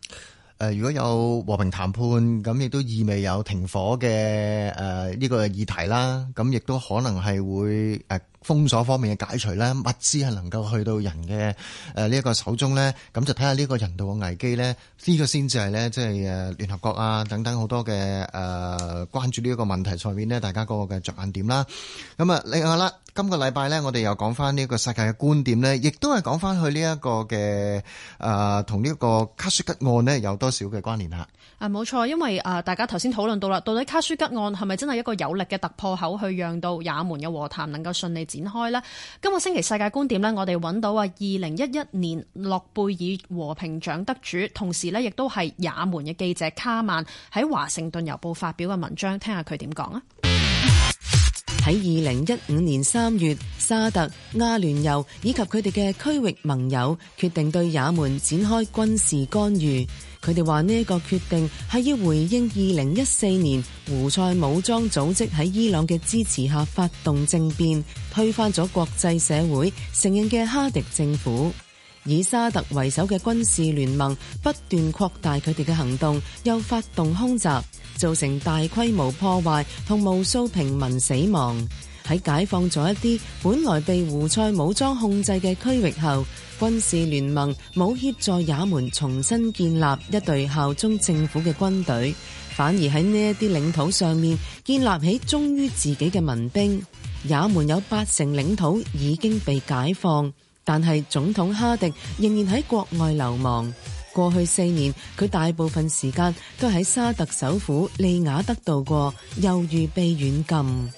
誒，如果有和平談判，咁亦都意味有停火嘅，誒呢個議題啦，咁亦都可能係會誒封鎖方面嘅解除啦，物資係能夠去到人嘅，誒呢一個手中咧，咁就睇下呢個人道嘅危機咧，呢個先至係咧，即係誒聯合國啊等等好多嘅，誒關注呢一個問題上面咧，大家個嘅着眼點啦，咁啊，另外啦。今個禮拜呢，我哋又講翻呢一個世界嘅觀點呢，亦都係講翻去呢一個嘅誒同呢一個卡舒吉案呢有多少嘅關聯啊？啊，冇錯，因為啊，大家頭先討論到啦，到底卡舒吉案係咪真係一個有力嘅突破口，去讓到也門嘅和談能夠順利展開呢？今個星期世界觀點呢，我哋揾到啊，二零一一年諾貝爾和平獎得主，同時呢亦都係也門嘅記者卡曼喺華盛頓郵報發表嘅文章，聽下佢點講啊！喺二零一五年三月，沙特、阿聯酋以及佢哋嘅區域盟友決定對也門展開軍事干預。佢哋話呢個決定係要回應二零一四年胡塞武裝組織喺伊朗嘅支持下發動政變，推翻咗國際社會承認嘅哈迪政府。，以沙特為首嘅軍事聯盟不斷擴大佢哋嘅行動，又發動空襲，造成大規模破壞同無數平民死亡。喺解放咗一啲本來被胡塞武裝控制嘅區域後，軍事聯盟冇協助也門重新建立一隊效忠政府嘅軍隊，反而喺呢一啲領土上面建立起忠於自己嘅民兵。也門有八成領土已經被解放。但係總統哈迪仍然喺國外流亡。過去四年，佢大部分時間都喺沙特首府利雅德度過，又遇被軟禁。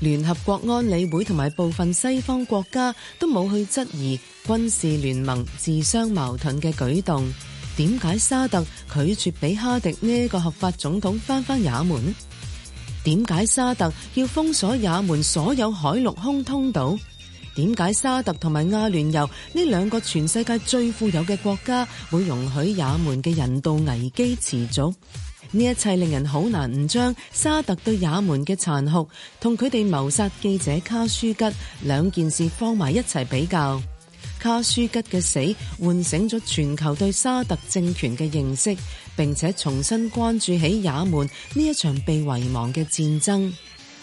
聯合國安理會同埋部分西方國家都冇去質疑軍事聯盟自相矛盾嘅舉動。點解沙特拒絕俾哈迪呢個合法總統翻返也門？點解沙特要封鎖也門所有海陸空通道？點解沙特同埋阿聯酋呢兩個全世界最富有嘅國家會容許也門嘅人道危機持續？呢一切令人好難唔將沙特對也門嘅殘酷同佢哋謀殺記者卡舒吉兩件事放埋一齊比較。卡舒吉嘅死，喚醒咗全球對沙特政權嘅認識，並且重新關注起也門呢一場被遺忘嘅戰爭。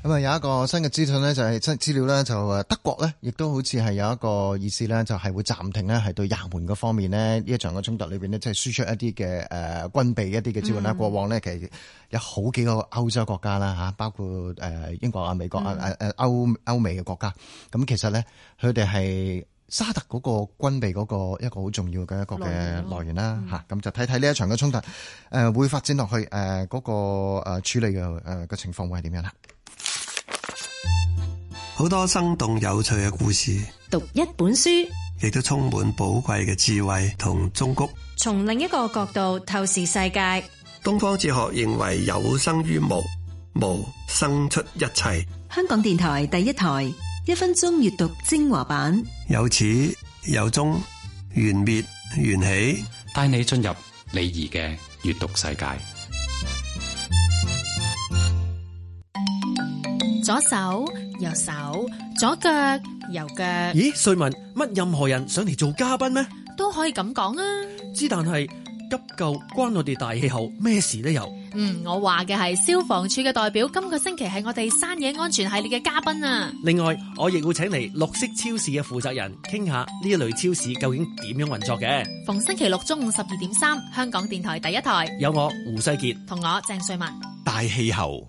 咁啊，有一個新嘅資訊咧，就係、是、新資料咧，就誒德國咧，亦都好似係有一個意思咧，就係、是、會暫停咧，係對也門個方面呢，呢一場嘅衝突裏邊呢，即、就、係、是、輸出一啲嘅誒軍備一啲嘅資源啦。過、嗯、往呢，其實有好幾個歐洲國家啦，嚇包括誒英國啊、美國啊、誒誒歐歐美嘅國家。咁其實咧，佢哋係沙特嗰個軍備嗰個一個好重要嘅一個嘅來源啦。嚇咁就睇睇呢一場嘅衝突誒會發展落去誒嗰、那個誒處理嘅誒嘅情況會係點樣啦。好多生動有趣嘅故事，讀一本書亦都充滿寶貴嘅智慧同忠告，從另一個角度透視世界。東方哲學認為有生於無，無生出一切。香港電台第一台一分鐘閱讀精華版，有始有終，緣滅緣起，帶你進入李怡嘅閱讀世界。左手右手，左腳右腳。咦，瑞文，乜任何人上嚟做嘉賓咩？都可以咁講啊！之但係急救關我哋大氣候，咩事都有。嗯，我話嘅係消防處嘅代表，今個星期係我哋山野安全系列嘅嘉賓啊。另外，我亦會請嚟綠色超市嘅負責人，傾下呢一類超市究竟點樣運作嘅。逢星期六中午十二點三，香港電台第一台，有我胡世杰同我鄭瑞文大氣候。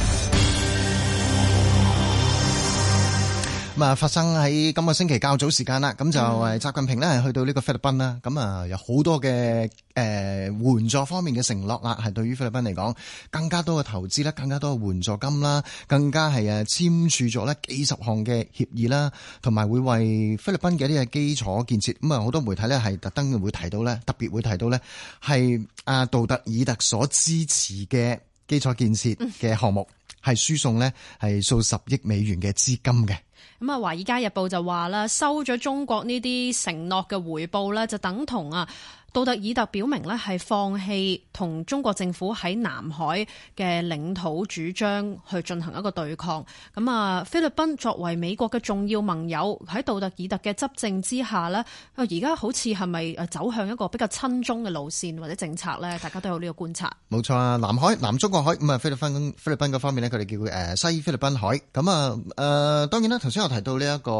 啊！發生喺今個星期較早時間啦，咁就係習近平呢，咧，去到呢個菲律賓啦。咁啊，有好多嘅誒、呃、援助方面嘅承諾啦，係對於菲律賓嚟講更加多嘅投資啦，更加多嘅援助金啦，更加係誒簽署咗呢幾十項嘅協議啦，同埋會為菲律賓嘅呢個基礎建設咁啊，好、嗯、多媒體呢，係特登會提到呢，特別會提到呢，係阿杜特爾特所支持嘅基礎建設嘅項目，係、嗯、輸送呢，係數十億美元嘅資金嘅。咁啊，《華爾街日報》就話啦，收咗中國呢啲承諾嘅回報咧，就等同啊。杜特爾特表明呢係放棄同中國政府喺南海嘅領土主張去進行一個對抗。咁啊，菲律賓作為美國嘅重要盟友，喺杜特爾特嘅執政之下呢，而家好似係咪誒走向一個比較親中嘅路線或者政策呢？大家都有呢個觀察。冇錯啊，南海、南中國海咁啊、嗯，菲律賓，菲律賓方面呢，佢哋叫佢西菲律賓海。咁啊誒，當然啦，頭先我提到呢、這、一個誒、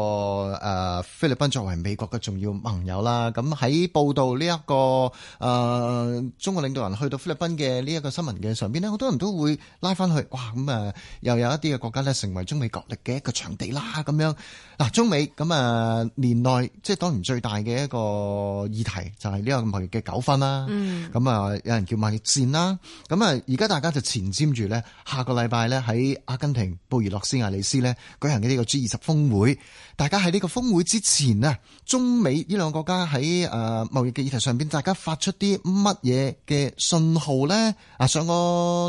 呃、菲律賓作為美國嘅重要盟友啦。咁喺報道呢、這、一個。個誒、呃，中國領導人去到菲律賓嘅呢一個新聞嘅上邊咧，好多人都會拉翻去，哇！咁啊，又有一啲嘅國家咧，成為中美角力嘅一個場地啦，咁樣嗱。中美咁啊，年內即係當然最大嘅一個議題就係、是、呢個貿易嘅糾紛啦。咁啊、嗯，有人叫貿易戰啦。咁啊，而家大家就前瞻住呢下個禮拜咧喺阿根廷布宜諾斯亞利斯咧舉行嘅呢個 G 二十峰會。大家喺呢個峰會之前啊，中美呢兩個國家喺誒貿易嘅議題上邊。大家發出啲乜嘢嘅信號咧？啊，上個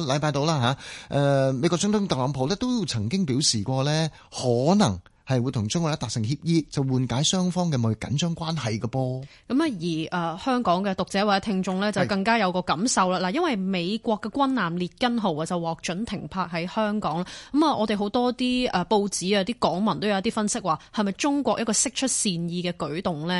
禮拜到啦吓。誒、啊，美國總統特朗普咧都曾經表示過咧，可能。係會同中國咧達成協議，就緩解雙方嘅貿易緊張關係嘅噃。咁啊，而、呃、誒香港嘅讀者或者聽眾呢，就更加有個感受啦。嗱是，因為美國嘅軍艦列根號啊，就獲准停泊喺香港啦。咁、嗯、啊，我哋好多啲誒報紙啊，啲港文都有啲分析話，係咪中國一個釋出善意嘅舉動呢？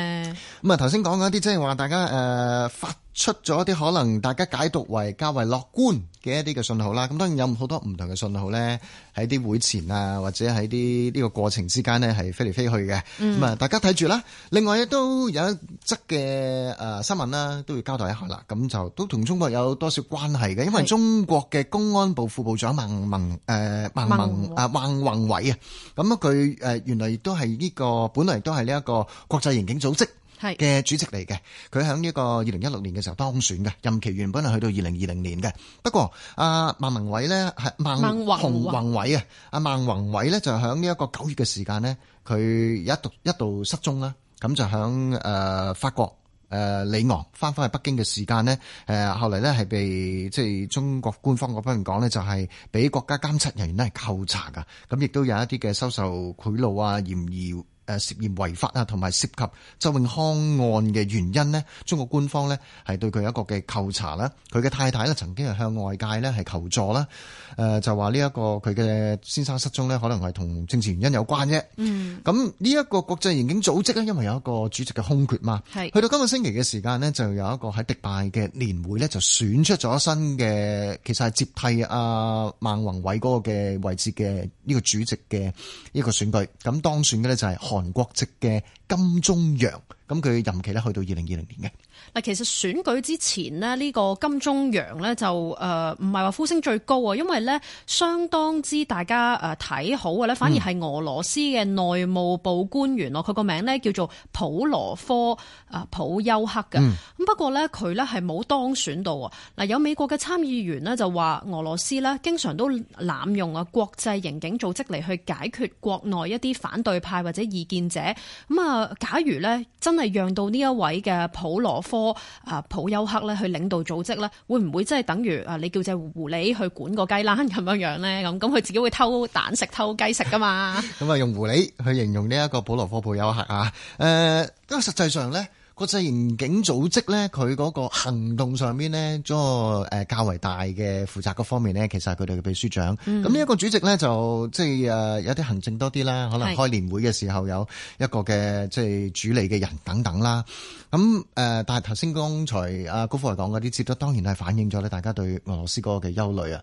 咁啊、嗯，頭先講嘅一啲即係話，就是、大家誒、呃、發。出咗一啲可能大家解讀為較為樂觀嘅一啲嘅信號啦，咁當然有好多唔同嘅信號咧，喺啲會前啊，或者喺啲呢個過程之間咧，係飛嚟飛去嘅。咁啊，大家睇住啦。另外亦都有一則嘅誒新聞啦，都要交代一下啦。咁就都同中國有多少關係嘅？因為中國嘅公安部副部長孟萌誒孟萌啊，孟宏偉啊，咁啊佢誒原來亦都係呢個本來亦都係呢一個國際刑警組織。嘅主席嚟嘅，佢喺呢個二零一六年嘅時候當選嘅，任期原本係去到二零二零年嘅。不過阿孟文偉咧，孟宏宏偉啊，阿孟宏偉咧就喺呢一個九月嘅時間咧，佢一度一度失蹤啦。咁就喺誒法國誒里昂翻返去北京嘅時間咧，誒後嚟咧係被即係中國官方嗰方面講咧，就係俾國家監察人員咧係扣查㗎。咁亦都有一啲嘅收受賄賂啊，嫌疑。誒涉嫌違法啊，同埋涉及周永康案嘅原因呢，中國官方呢係對佢有一個嘅扣查啦，佢嘅太太呢曾經係向外界呢係求助啦。誒、呃，就話呢一個佢嘅先生失蹤咧，可能係同政治原因有關啫。嗯，咁呢一個國際刑警組織咧，因為有一個主席嘅空缺嘛，係是去到今個星期嘅時間呢，就有一個喺迪拜嘅年會咧，就選出咗新嘅，其實係接替阿、啊、孟宏偉嗰個嘅位置嘅呢個主席嘅呢個選舉。咁當選嘅咧就係韓國籍嘅金鍾陽。咁佢任期咧去到二零二零年嘅。嗱，其實選舉之前呢，呢、呢個金鍾陽呢就誒唔係話呼聲最高啊，因為呢相當之大家誒睇好嘅呢反而係俄羅斯嘅內務部官員咯。佢個、嗯、名呢叫做普羅科啊普丘克嘅。咁、嗯、不過呢，佢呢係冇當選到。嗱，有美國嘅參議員呢，就話俄羅斯呢經常都濫用啊國際刑警組織嚟去解決國內一啲反對派或者異見者。咁啊，假如呢。真係讓到呢一位嘅普羅科啊普休克咧去領導組織咧，會唔會真係等於啊，你叫隻狐狸去管個雞欄咁樣呢樣咧？咁咁佢自己會偷蛋食，偷雞食噶嘛？咁啊，用狐狸去形容呢一個普羅科普休克啊？誒、呃，不過實際上咧。國際刑警組織咧，佢嗰個行動上面呢，做誒較為大嘅負責嗰方面呢，其實係佢哋嘅秘書長。咁呢一個主席咧，就即係誒有啲行政多啲啦，可能開年會嘅時候有一個嘅即係主理嘅人等等啦。咁誒、嗯，但係頭先剛才阿高科係講嗰啲，接得當然係反映咗咧，大家對俄羅斯嗰個嘅憂慮啊。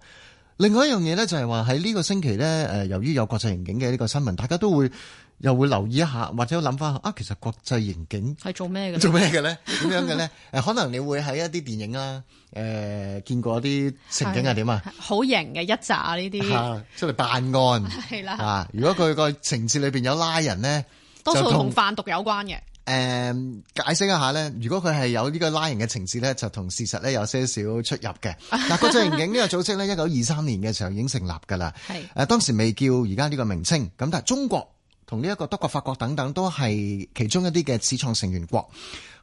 另外一樣嘢咧，就係話喺呢個星期咧，誒由於有國際刑警嘅呢個新聞，大家都會，又會留意一下，或者諗翻啊，其實國際刑警係做咩嘅咧？做咩嘅咧？點樣嘅咧？誒，可能你會喺一啲電影啦，誒、呃，見過啲情景係點啊？好型嘅一紮呢啲出嚟辦案係啦。的啊，如果佢個情節裏邊有拉人咧，的多數同跟販毒有關嘅。誒、嗯，解釋一下咧，如果佢係有呢個拉人嘅情節咧，就同事實咧有些少出入嘅。嗱， 國際刑警呢個組織咧，一九二三年嘅時候已經成立㗎啦。係誒的， 當時未叫而家呢個名稱，咁但係中國。同呢一個德國、法國等等都係其中一啲嘅始創成員國，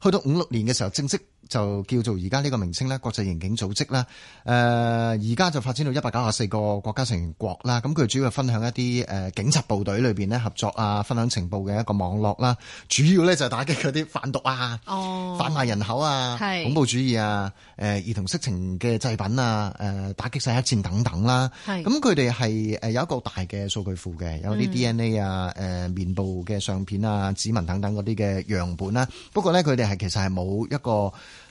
去到五六年嘅時候正式，就叫做而家呢個名稱咧，國際刑警組織啦。誒、呃，而家就發展到一百九十四個國家成員國啦。咁佢主要係分享一啲誒警察部隊裏邊咧合作啊，分享情報嘅一個網絡啦。主要咧就係打擊嗰啲販毒啊、販賣、哦、人口啊、是恐怖主義啊、誒兒童色情嘅製品啊、誒打擊洗黑錢等等啦。咁是，佢哋係誒有一個大嘅數據庫嘅，有啲 DNA 啊、誒、嗯呃、面部嘅相片啊、指紋等等嗰啲嘅樣本啦。不過咧，佢哋係其實係冇一個。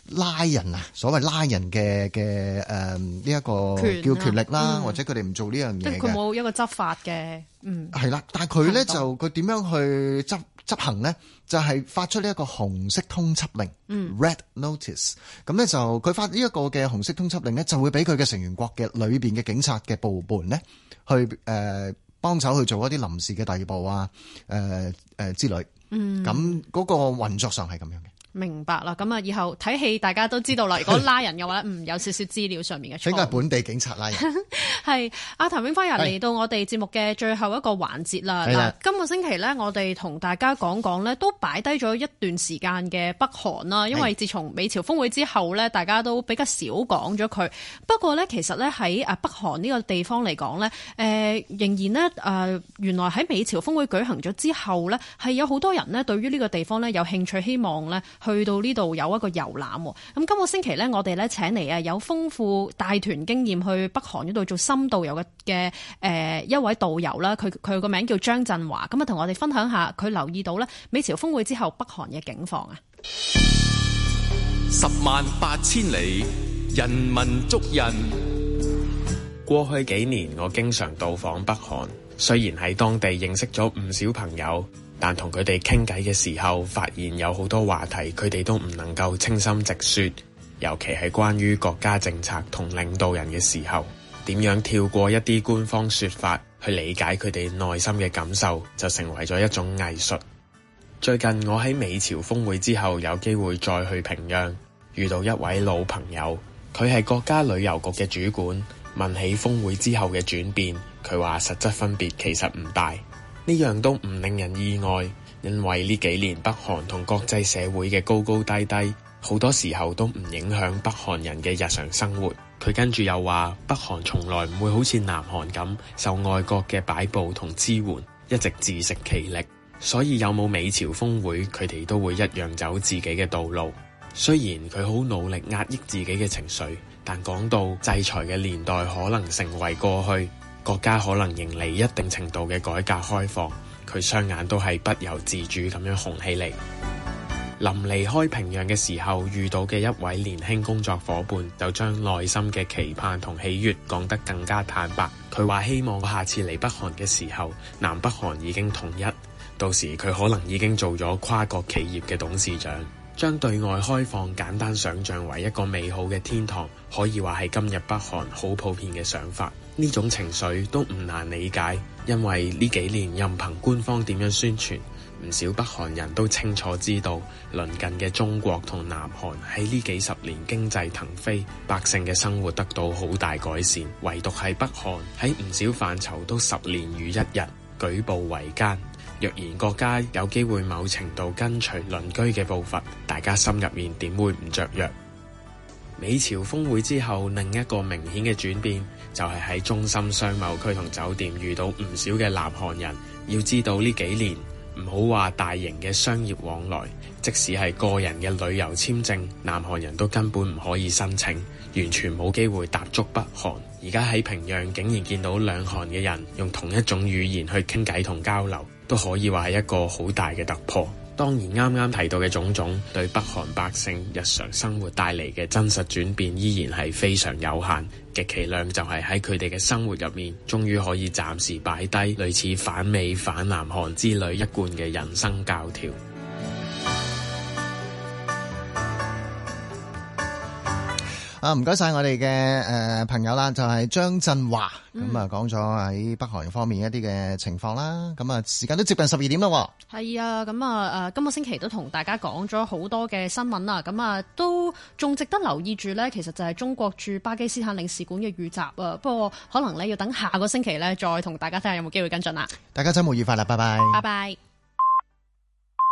拉人啊，所謂拉人嘅嘅誒呢一個權叫權力啦，嗯、或者佢哋唔做呢樣嘢。佢冇、嗯就係、一個執法嘅，嗯。係啦，但係佢咧就佢點樣去執執行咧？就係、係、發出呢一個紅色通緝令、嗯、Red Notice。咁咧就佢發呢一個嘅紅色通緝令咧，就會俾佢嘅成員國嘅裏邊嘅警察嘅部門咧，去誒、呃、幫手去做一啲臨時嘅逮捕啊，誒、呃、誒、呃、之類。嗯。咁嗰個運作上係咁樣。嗯。明白啦，咁啊，以後睇戲大家都知道啦。如果拉人嘅話，嗯， 有少少資料上面嘅錯，應該係本地警察拉人。係阿 譚永輝又嚟到我哋節目嘅最後一個環節啦。嗱的，今個星期呢，我哋同大家講講呢，都擺低咗一段時間嘅北韓啦。因為自從美朝峰會之後呢，大家都比較少講咗佢。不過呢，其實呢，喺啊北韓呢個地方嚟講呢，誒、呃、仍然呢，誒、呃、原來喺美朝峰會舉行咗之後呢，係有好多人呢對於呢個地方呢，有興趣，希望呢。去到呢度有一個遊覽，咁今個星期呢，我哋呢請嚟啊有豐富帶團經驗去北韓嗰度做深度遊嘅嘅誒一位導遊啦，佢佢個名叫張振華，咁啊同我哋分享下佢留意到呢美朝峰會之後北韓嘅景況啊！十萬八千里人民足印，過去幾年我經常到訪北韓，雖然喺當地認識咗唔少朋友。但同佢哋傾偈嘅時候，發現有好多話題佢哋都唔能夠清心直說，尤其係關於國家政策同領導人嘅時候，點樣跳過一啲官方說法去理解佢哋內心嘅感受，就成為咗一種藝術。最近我喺美朝峰會之後有機會再去平壤，遇到一位老朋友，佢係國家旅遊局嘅主管。問起峰會之後嘅轉變，佢話實質分別其實唔大。呢樣都唔令人意外，因為呢幾年北韓同國際社會嘅高高低低，好多時候都唔影響北韓人嘅日常生活。佢跟住又話，北韓從來唔會好似南韓咁受外國嘅擺佈同支援，一直自食其力。所以有冇美朝峰會，佢哋都會一樣走自己嘅道路。雖然佢好努力壓抑自己嘅情緒，但講到制裁嘅年代可能成為過去，國家可能迎嚟一定程度嘅改革開放，佢雙眼都係不由自主咁樣紅起嚟。臨離開平壤嘅時候，遇到嘅一位年輕工作夥伴，就將內心嘅期盼同喜悅講得更加坦白。佢話：希望下次嚟北韓嘅時候，南北韓已經統一，到時佢可能已經做咗跨國企業嘅董事長。將對外開放簡單想像為一個美好嘅天堂，可以話係今日北韓好普遍嘅想法。呢種情緒都唔難理解，因為呢幾年任憑官方點樣宣傳，唔少北韓人都清楚知道鄰近嘅中國同南韓喺呢幾十年經濟騰飛，百姓嘅生活得到好大改善。唯獨係北韓喺唔少範疇都十年如一日舉步維艱。若然國家有機會某程度跟隨鄰居嘅步伐，大家心入面點會唔雀躍？美朝峰會之後，另一個明顯嘅轉變就係喺中心商貿區同酒店遇到唔少嘅南韓人。要知道呢幾年唔好話大型嘅商業往來，即使係個人嘅旅遊簽證，南韓人都根本唔可以申請，完全冇機會踏足北韓。而家喺平壤竟然見到兩韓嘅人用同一種語言去傾偈同交流。都可以話係一個好大嘅突破。當然，啱啱提到嘅種種對北韓百姓日常生活帶嚟嘅真實轉變，依然係非常有限。極其量就係喺佢哋嘅生活入面，終於可以暫時擺低類似反美、反南韓之類一貫嘅人生教條。啊，唔該晒我哋嘅誒朋友啦，就係、是、張振華咁啊，講咗喺北韓方面一啲嘅情況啦，咁啊時間都接近十二點啦喎。係啊，咁啊誒、呃，今個星期都同大家講咗好多嘅新聞啦，咁啊都仲值得留意住咧。其實就係中國駐巴基斯坦領事館嘅遇襲啊，不過可能咧要等下個星期咧再同大家睇下有冇機會跟進啦、啊。大家周末愉快啦，拜拜，拜拜。